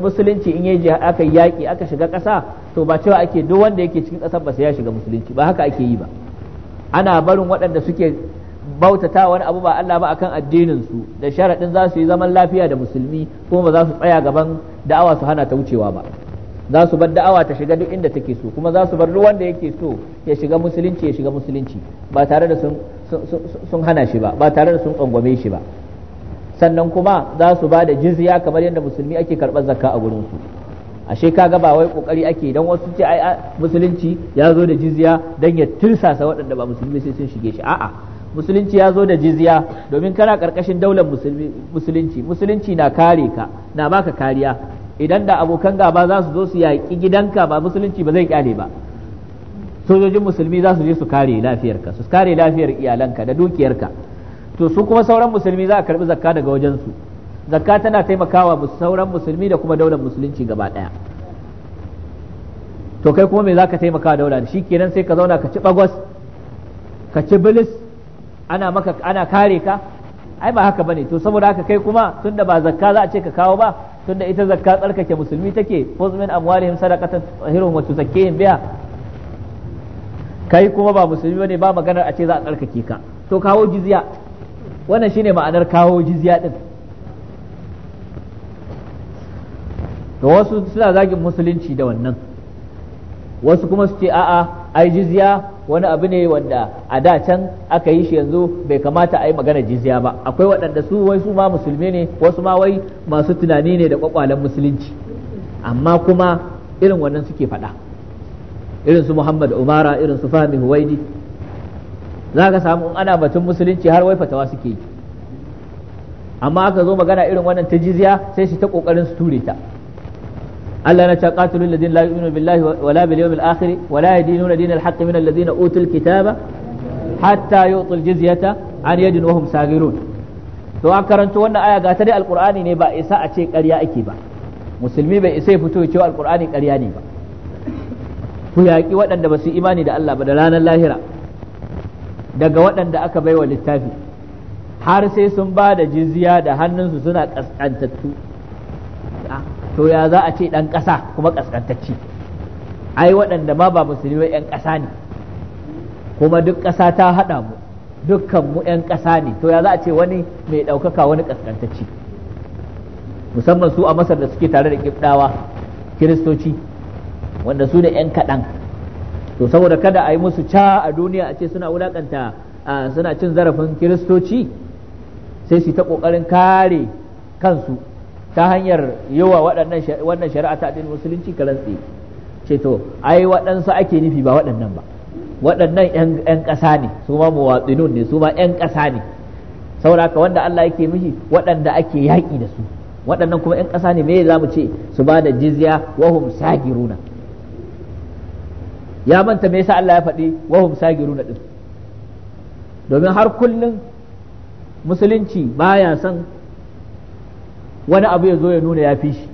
musulunci in yaji aka yaƙi aka shiga ƙasa to ba cewa ake duk wanda yake cikin ƙasar ba sai ya shiga musulunci ba haka ake yi ba ana barin waɗanda suke bautata wani abu ba Allah ba akan addinin su da sharaɗin za su yi zaman lafiya da musulmi kuma ba za su tsaya gaban da'awa su hana ta wucewa ba za su bar da'awa ta shiga duk inda take so kuma za su bar ruwan da yake so ya shiga musulunci ya shiga musulunci ba tare da sun sun hana shi ba ba tare da sun kangwame shi ba sannan kuma za su ba da jizya kamar yadda musulmi ake karɓar zakka a gurin su ashe kaga ba wai kokari ake dan wasu ce ai musulunci ya zo da jizya dan ya tirsasa waɗanda ba musulmi sai sun shige shi a'a musulunci ya zo da jizya domin kana karkashin daular musulunci musulunci na kare ka na baka kariya idan da abokan gaba za su zo su yaƙi gidanka ba musulunci ba zai kyale ba sojojin musulmi za su je su kare lafiyarka su kare lafiyar iyalanka da dukiyarka to su kuma sauran musulmi za a karbi zakka daga wajen su zakka tana taimakawa sauran musulmi da kuma daular musulunci gaba daya to kai kuma me za ka taimaka daula shi kenan sai ka zauna ka ci bagos ka ci bilis ana maka ana kare ka ai ba haka bane to saboda haka kai kuma tunda ba zakka za a ce ka kawo ba tunda ita zakka tsarkake musulmi take fuzmin amwalihim sadaqatan tahiruhum wa tuzakkihim biha kai kuma ba musulmi bane ba maganar a ce za a tsarkake ka to kawo jizya wannan shine ma'anar kawo jizya din to wasu suna zagin musulunci da wannan wasu kuma su ce a'a ai jizya wani abu ne wanda a da can aka yi shi yanzu bai kamata a yi magana jizya ba akwai waɗanda su wai su ma musulmi ne wasu ma wai masu tunani ne da kwakwalen musulunci amma kuma irin wannan suke faɗa irin su muhammad umara irin su fahmi huwaidi za ka samu in ana batun musulunci har wai fatawa suke yi amma aka zo magana irin wannan ta jizya sai shi ta ƙoƙarin su ture ta Allah na ce qatilul ladina la yu'minu billahi wala bil yawmil akhir wala yadinuna dinal haqqi min alladhina utul kitaba hatta yu'tul jizyata an yadin wa hum sagirun to an karanto wannan aya ga ta dai alqur'ani ne ba isa a ce ƙarya ake ba musulmi bai isa ya fito cewa alqur'ani ƙarya ne ba ku yaƙi waɗanda ba su imani da Allah ba da ranar lahira daga waɗanda aka baiwa littafi har sai sun ba da jizya da hannunsu suna ƙasƙantattu to ya za a ce ɗan ƙasa kuma ƙasƙantacci ai waɗanda ma ba musulmi yan ƙasa ne kuma duk ƙasa ta haɗa mu dukkan mu yan ƙasa ne to ya za a ce wani mai ɗaukaka wani ƙasƙantacci musamman su a masar da suke tare da kibdawa kiristoci wanda su ne yan kaɗan to saboda kada a yi musu ca a duniya a ce suna wulaƙanta suna cin zarafin kiristoci sai su ta ƙoƙarin kare kansu ta hanyar yawa waɗannan shari'a ta addinin musulunci kalan tsaye ce to ai waɗansu ake nufi ba waɗannan ba waɗannan ƴan ƙasa ne su ma muwatsinun ne su ma ƴan ƙasa ne saboda ka wanda Allah yake mishi waɗanda ake yaƙi da su waɗannan kuma ƴan ƙasa ne me za mu ce su ba da jizya wahum sagiruna ya manta me yasa Allah ya faɗi wahum sagiruna din domin har kullun musulunci baya son wani abu ya zo ya nuna ya fi shi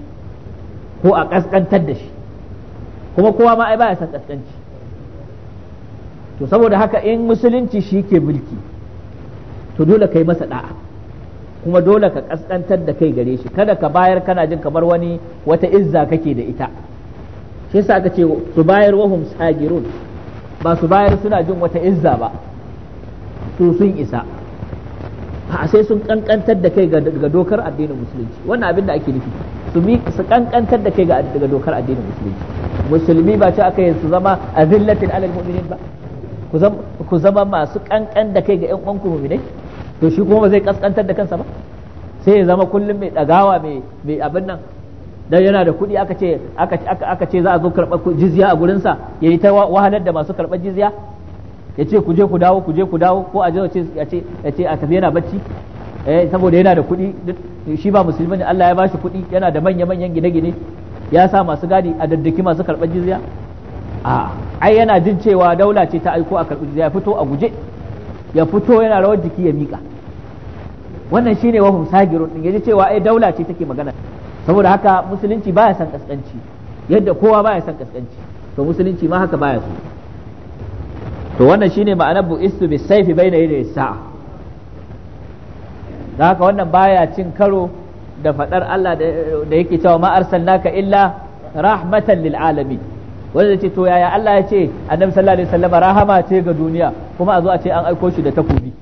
ko a ƙasƙantar da shi kuma kowa ma ai baya son kaskanci to saboda haka in musulunci shi ke mulki to dole ka yi masa da'a kuma dole ka ƙasƙantar da kai gare shi kada ka bayar kana jin kamar wani wata izza kake da ita shi yasa aka ce su bayar wahum sagirun ba su bayar suna jin wata izza ba su sun isa a sai sun kankantar da kai ga dokar addinin musulunci wannan abin da ake nufi su mi su kankantar da kai ga dokar addinin musulunci musulmi ba ce aka yi su zama azillatin alal mu'minin ba ku zama masu kankan da kai ga yan uwanku mu'minai to shi kuma ba zai kaskantar da kansa ba sai ya zama kullum mai dagawa mai mai abin nan dan yana da kuɗi aka ce aka ce za a zo karɓar jizya a gurinsa yayi ta wahalar da masu karɓar jizya ya ce ku je ku dawo ku je ku dawo ko a je ya ce a tafi yana bacci eh, saboda yana da kuɗi shi ba musulmi ne Allah ya ba shi kuɗi yana da manya manyan gine-gine ya sa masu gadi a daddaki masu karɓar jizya a ai yana jin cewa daula ce ta aiko a karɓi jizya ya fito a guje ya fito yana rawar jiki ya mika wannan shine wahum sagirun din yaji cewa ai daula ce take magana saboda haka musulunci baya son kaskanci yadda kowa baya son kaskanci to musulunci ma haka baya so to wannan shine ma'anar bu'istu bis saifi baina yaday sa'a da haka wannan baya cin karo da fadar Allah da yake cewa ma arsalnaka illa rahmatan lil alamin wanda ce to yaya Allah ya ce annabi sallallahu alaihi wasallam rahama ce ga duniya kuma a zo a ce an aiko shi da takobi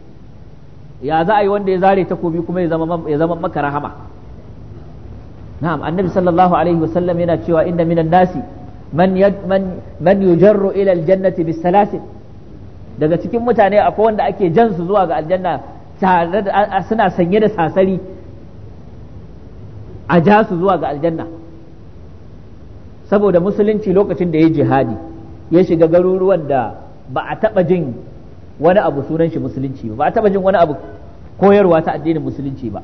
ya za a yi wanda ya zare takobi kuma ya zama ya zama maka rahama na'am annabi sallallahu alaihi wasallam yana cewa inda minan nasi man man man yujarru ila aljannati bis daga cikin mutane akwai wanda ake jan su zuwa ga aljanna tare da suna sanye da sasari a ja su zuwa ga aljanna saboda musulunci lokacin da ya jihadi ya shiga garuruwan da ba a taba jin wani abu sunan shi musulunci ba ba a taba jin wani abu koyarwa ta addinin musulunci ba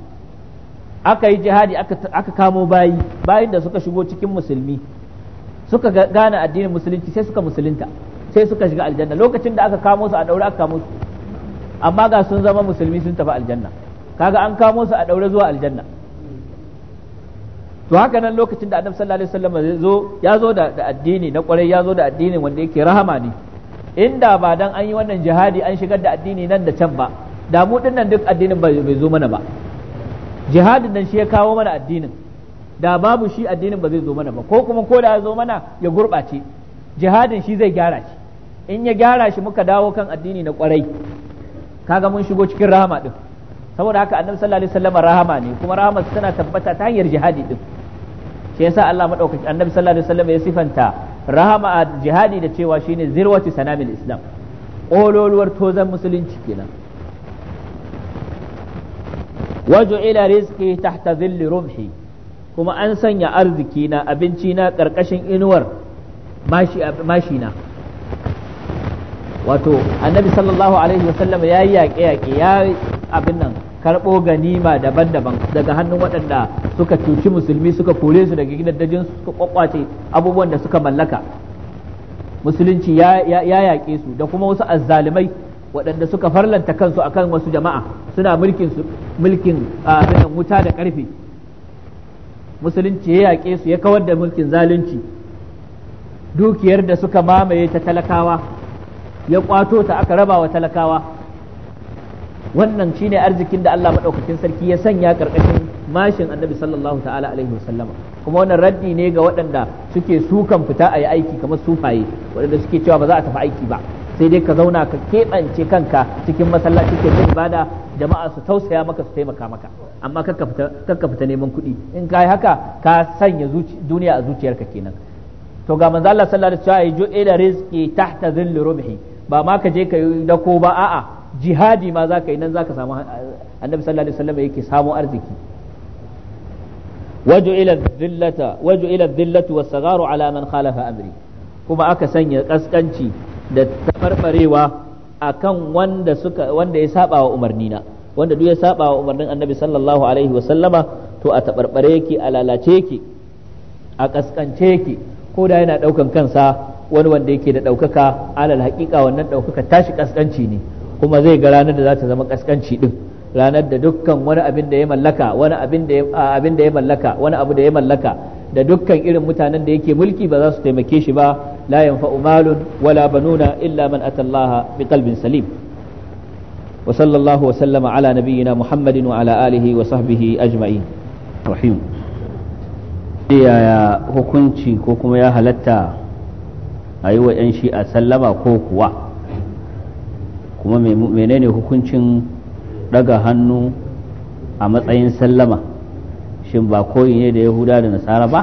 aka yi jihadi aka kamo bayi bayin da suka shigo cikin musulmi suka gane addinin musulunci sai suka musulunta sai suka shiga aljanna lokacin da aka kamo su a daure aka kamo su amma ga sun zama musulmi sun tafi aljanna kaga an kamo su a daure zuwa aljanna to haka nan lokacin da annabi sallallahu alaihi wasallam ya zo ya zo da addini na kwarai ya zo da addini wanda yake rahama ne inda ba dan an yi wannan jihadi an shigar da addini nan da can ba da mu dinnan duk addinin bai zo mana ba jihadin nan shi ya kawo mana addinin da babu shi addinin ba zai zo mana ba ko kuma ko da ya zo mana ya gurɓace jihadin shi zai gyara shi in ya gyara shi muka dawo kan addini na kwarai kaga mun shigo cikin rahama din saboda haka annabi sallallahu alaihi wasallam rahama ne kuma rahama tana tabbata ta hanyar jihadi din shi yasa Allah madaukaki annabi sallallahu alaihi wasallam ya sifanta rahama a jihadi da cewa shine zirwati sanamil islam ƙololuwar tozan musulunci kenan wajo ila rizqi tahta zilli rumhi kuma an sanya arziki na abinci na ƙarƙashin inuwar mashi wato annabi sallallahu alaihi wasallam ya yi yaƙe yaƙe ya abin nan karɓo ganima daban-daban daga hannun waɗanda suka cuci musulmi suka kore su daga gidajen su suka kwakwace abubuwan da suka mallaka musulunci ya yaƙe su da kuma wasu azzalumai waɗanda suka farlanta kansu akan wasu jama'a suna mulkin su mulkin ah, abin wuta da ƙarfi musulunci ya yaƙe su ya kawar da mulkin zalunci dukiyar da suka mamaye ta talakawa ya kwato ta aka raba wa talakawa wannan shine arzikin da Allah madaukakin sarki ya sanya karkashin mashin annabi sallallahu ta'ala alaihi wasallama kuma wannan raddi ne ga waɗanda suke sukan fita a yi aiki kamar sufaye waɗanda suke cewa ba za a tafi aiki ba sai dai ka zauna ka keɓance kanka cikin masallaci ke ta ibada jama'a su tausaya maka su taimaka maka amma kakka fita neman kuɗi in ka yi haka ka sanya duniya a zuciyarka kenan to ga manzo Allah sallallahu alaihi wasallam ya yi ju'ila rizqi tahta dhilli rubhi ba ma ka je ka yi dako ba a'a jihadi ma za ka yi nan za ka samu annabi sallallahu alaihi wasallam yake samu arziki waju ila dhillata waju ila dhillatu was-sagharu ala man khalafa amri kuma aka sanya kaskanci da tafarfarewa akan wanda suka wanda ya saba wa umarni na wanda duk ya saba wa umarnin annabi sallallahu alaihi wasallama to a tabarbare yake a lalace yake a kaskance yake ko da yana daukan kansa wani wanda yake da ɗaukaka alal haƙiƙa wannan ɗaukaka tashi kaskanci ne kuma zai ga ranar da za ta zama kaskanci ɗin ranar da dukkan wani abin da ya mallaka wani abin da ya mallaka wani abu da ya mallaka da dukkan irin mutanen da yake mulki ba za su taimake shi ba la yanfa'u malun wala banuna illa man atallaha biqalbin salim wa sallallahu wa sallama ala nabiyyina muhammadin wa ala alihi wa sahbihi ajma'in rahim yaya hukunci ko kuma ya halatta a yi wa 'yan shi'a sallama ko kuwa kuma menene hukuncin daga hannu a matsayin sallama shin ba koyi ne da yahuda da nasara ba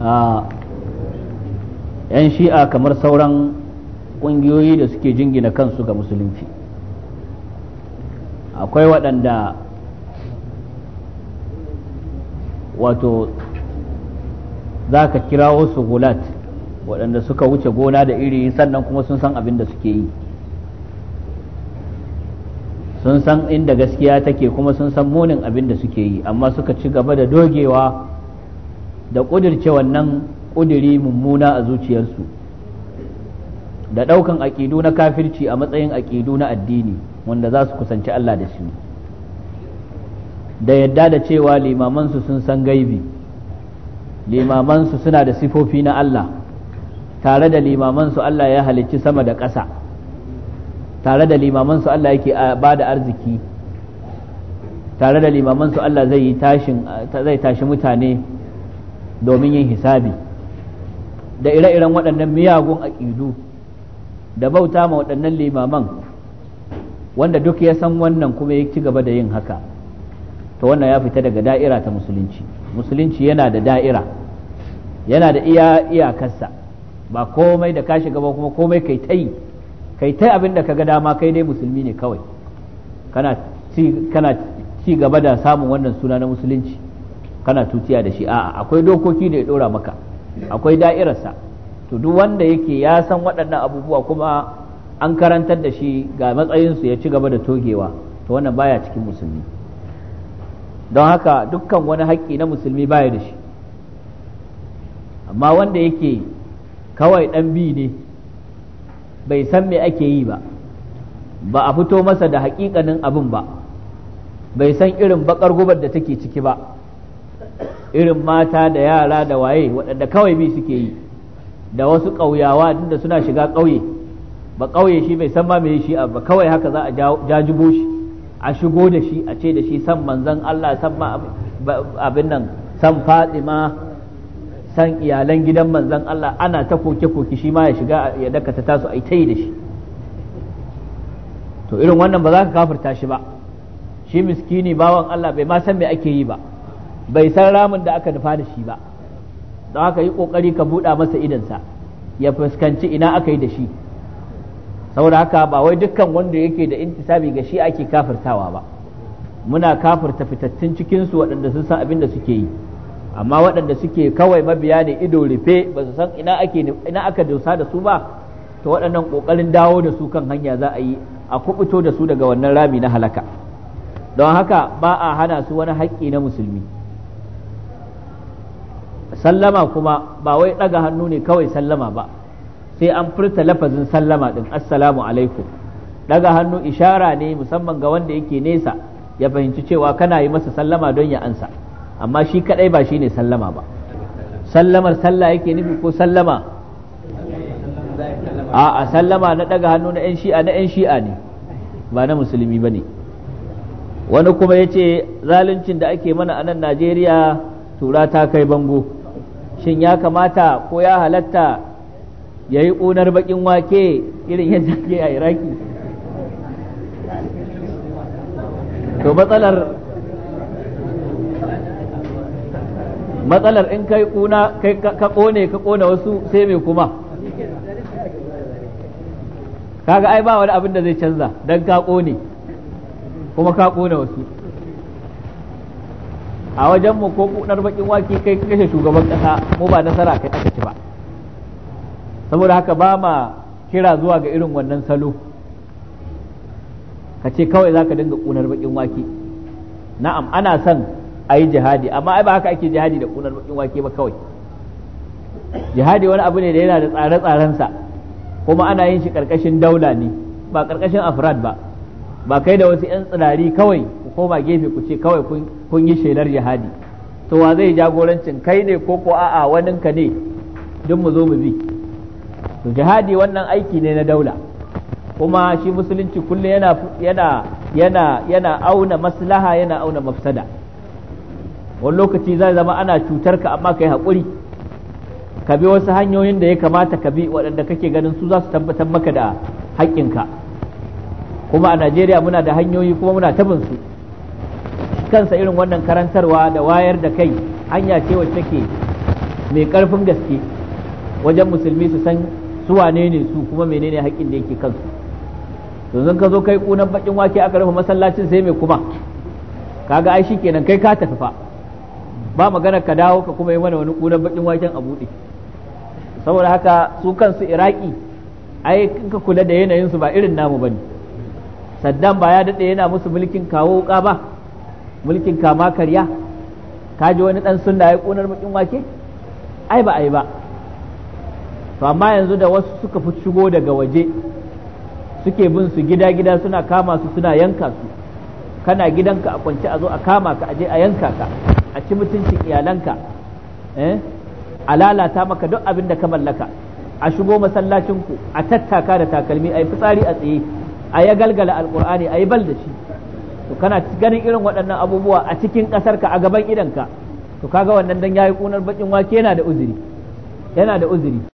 a 'yan shi'a kamar sauran ƙungiyoyi da suke jingina kansu ga musulunci akwai waɗanda wato za ka kirawo su gulat waɗanda suka wuce gona da iri sannan kuma sun san abin da suke yi sun san inda gaskiya take kuma sun san munin abin da suke yi amma suka ci gaba da dogewa da ƙudirce wannan ƙudiri mummuna a zuciyarsu da ɗaukan aƙidu na kafirci a matsayin aƙidu na addini wanda za su kusanci Allah da shi da yadda da cewa limamansu sun san gaibi limamansu suna da sifofi na Allah tare da limamansu Allah ya halicci sama da ƙasa tare da limamansu Allah yake ba da arziki tare da limamansu Allah zai tashi mutane domin yin hisabi da ire-iren waɗannan miyagun aƙidu da bauta ma waɗannan limaman wanda duk ya san wannan kuma ya ci gaba da yin haka to wannan ya fita daga da'ira ta musulunci musulunci yana da da'ira yana da iya iyakarsa ba komai da ka shiga ba kuma komai kai ta yi kai ta abin da ka ga dama kai dai musulmi ne kawai kana ci kana ci gaba da samun wannan suna na musulunci kana tutiya da shi a'a akwai dokoki da ya dora maka akwai da'irarsa to duk wanda yake ya san waɗannan abubuwa kuma an karantar da shi ga matsayinsu ya ci gaba da togewa to wannan baya cikin musulmi don haka dukkan wani haƙƙi na musulmi baya da shi amma wanda yake kawai ɗan bi ne bai san me ake yi ba ba a fito masa da haƙiƙanin abin ba bai san irin baƙar gubar da take ciki ba irin mata da yara da waye waɗanda kawai bi suke yi da wasu ƙauyawa duk da suna shiga ƙauye ba ƙauye shi bai san ma me shi ba kawai haka za a jajibo shi a shigo da shi a ce da shi san manzan Allah san abin nan san Fatima san iyalan gidan manzan Allah ana ta koke-koke shi ma ya shiga ya dakata tasu a ta yi da shi to irin wannan ba za ka kafirta shi ba shi miskini bawan Allah bai ma san me ake yi ba bai san ramin da aka nufa da shi ba don haka yi kokari ka buɗa masa idansa ya fuskanci ina aka yi da shi saboda haka ba wai dukkan wanda yake da intisabi ga shi ake kafirtawa ba muna kafirta fitattun cikinsu waɗanda sun san abin da suke yi amma waɗanda suke kawai mabiya ne ido rufe ba su san ina ake ina aka dosa da su ba to waɗannan ƙoƙarin dawo da su kan hanya za a yi a kubuto da su daga wannan rami na halaka don haka ba a hana su wani haƙƙi na musulmi sallama kuma ba wai ɗaga hannu ne kawai sallama ba sai an furta lafazin sallama din assalamu alaikum daga hannu ishara ne musamman ga wanda yake nesa ya fahimci cewa kana yi masa sallama don ya ansa amma shi kadai ba shine sallama ba sallamar sallah yake nufi ko sallama a a sallama na daga hannu na yan shi'a na yan shi'a ne ba na musulmi ba ne wani kuma ya ce zaluncin da ake mana a nan najeriya tura ta kai bango shin ya kamata ko ya halatta ya yi ƙunar baƙin wake irin yadda ke a iraki to matsalar matsalar in kai ƙuna kai ka kone ka kone wasu sai mai kuma kaga ai ba wani abin da zai canza don ka kone kuma ka kone wasu a wajenmu ko ƙunar bakin wake kai kashe shugaban kasa mu ba nasara kai aka ci ba saboda haka ba ma kira zuwa ga irin wannan salo ka ce kawai za ka dinga ƙunar baƙin wake na'am ana son a yi jihadi amma ai ba haka ake jihadi da ƙunar baƙin wake ba kawai jihadi wani abu ne da yana da tsare-tsarensa kuma ana yin shi ƙarƙashin daula ne ba ƙarƙashin afrad ba ba kai da wasu 'yan tsirari kawai ku koma gefe ku ce kawai kun yi shelar jihadi to wa zai jagorancin kai ne ko ko a'a waninka ne duk mu zo mu bi to jihadi wannan aiki ne na daula kuma shi musulunci kullum yana yana yana yana auna maslaha yana auna mafsada wani lokaci zai zama ana cutar ka amma kai haƙuri ka bi wasu hanyoyin da ya kamata ka bi waɗanda kake ganin su za su tabbatar maka da haƙƙinka kuma a najeriya muna da hanyoyi kuma muna tabin su kansa irin wannan karantarwa da wayar da kai hanya ce wacce ke mai ƙarfin gaske wajen musulmi su san su wane ne su kuma menene haƙƙin da yake kansu yanzu ka zo kai kunan bakin wake aka rufe masallacin sai mai kuma kaga ai kenan kai ka tafi fa ba magana ka dawo ka kuma yi mana wani kunan bakin waken a buɗe saboda haka su kansu iraki ai ka kula da yanayin su ba irin namu bane saddan ba ya dade yana musu mulkin kawo wuka ba mulkin kama karya ka ji wani dan sunna ya kunar bakin wake ai ba ai ba to amma yanzu da wasu suka fi shigo daga waje suke bin su gida gida suna kama su suna yanka su kana gidanka a kwance a zo a kama ka aje a yanka ka a ci mutuncin iyalanka eh? a lalata maka duk abin da ka mallaka a shigo masallacinku a tattaka da takalmi a yi fitsari a tsaye a ya galgala alkur'ani a yi bal da shi to kana ganin irin waɗannan abubuwa a cikin ƙasarka a gaban idanka to kaga wannan dan yayi kunar bakin wake yana da uzuri yana da uzuri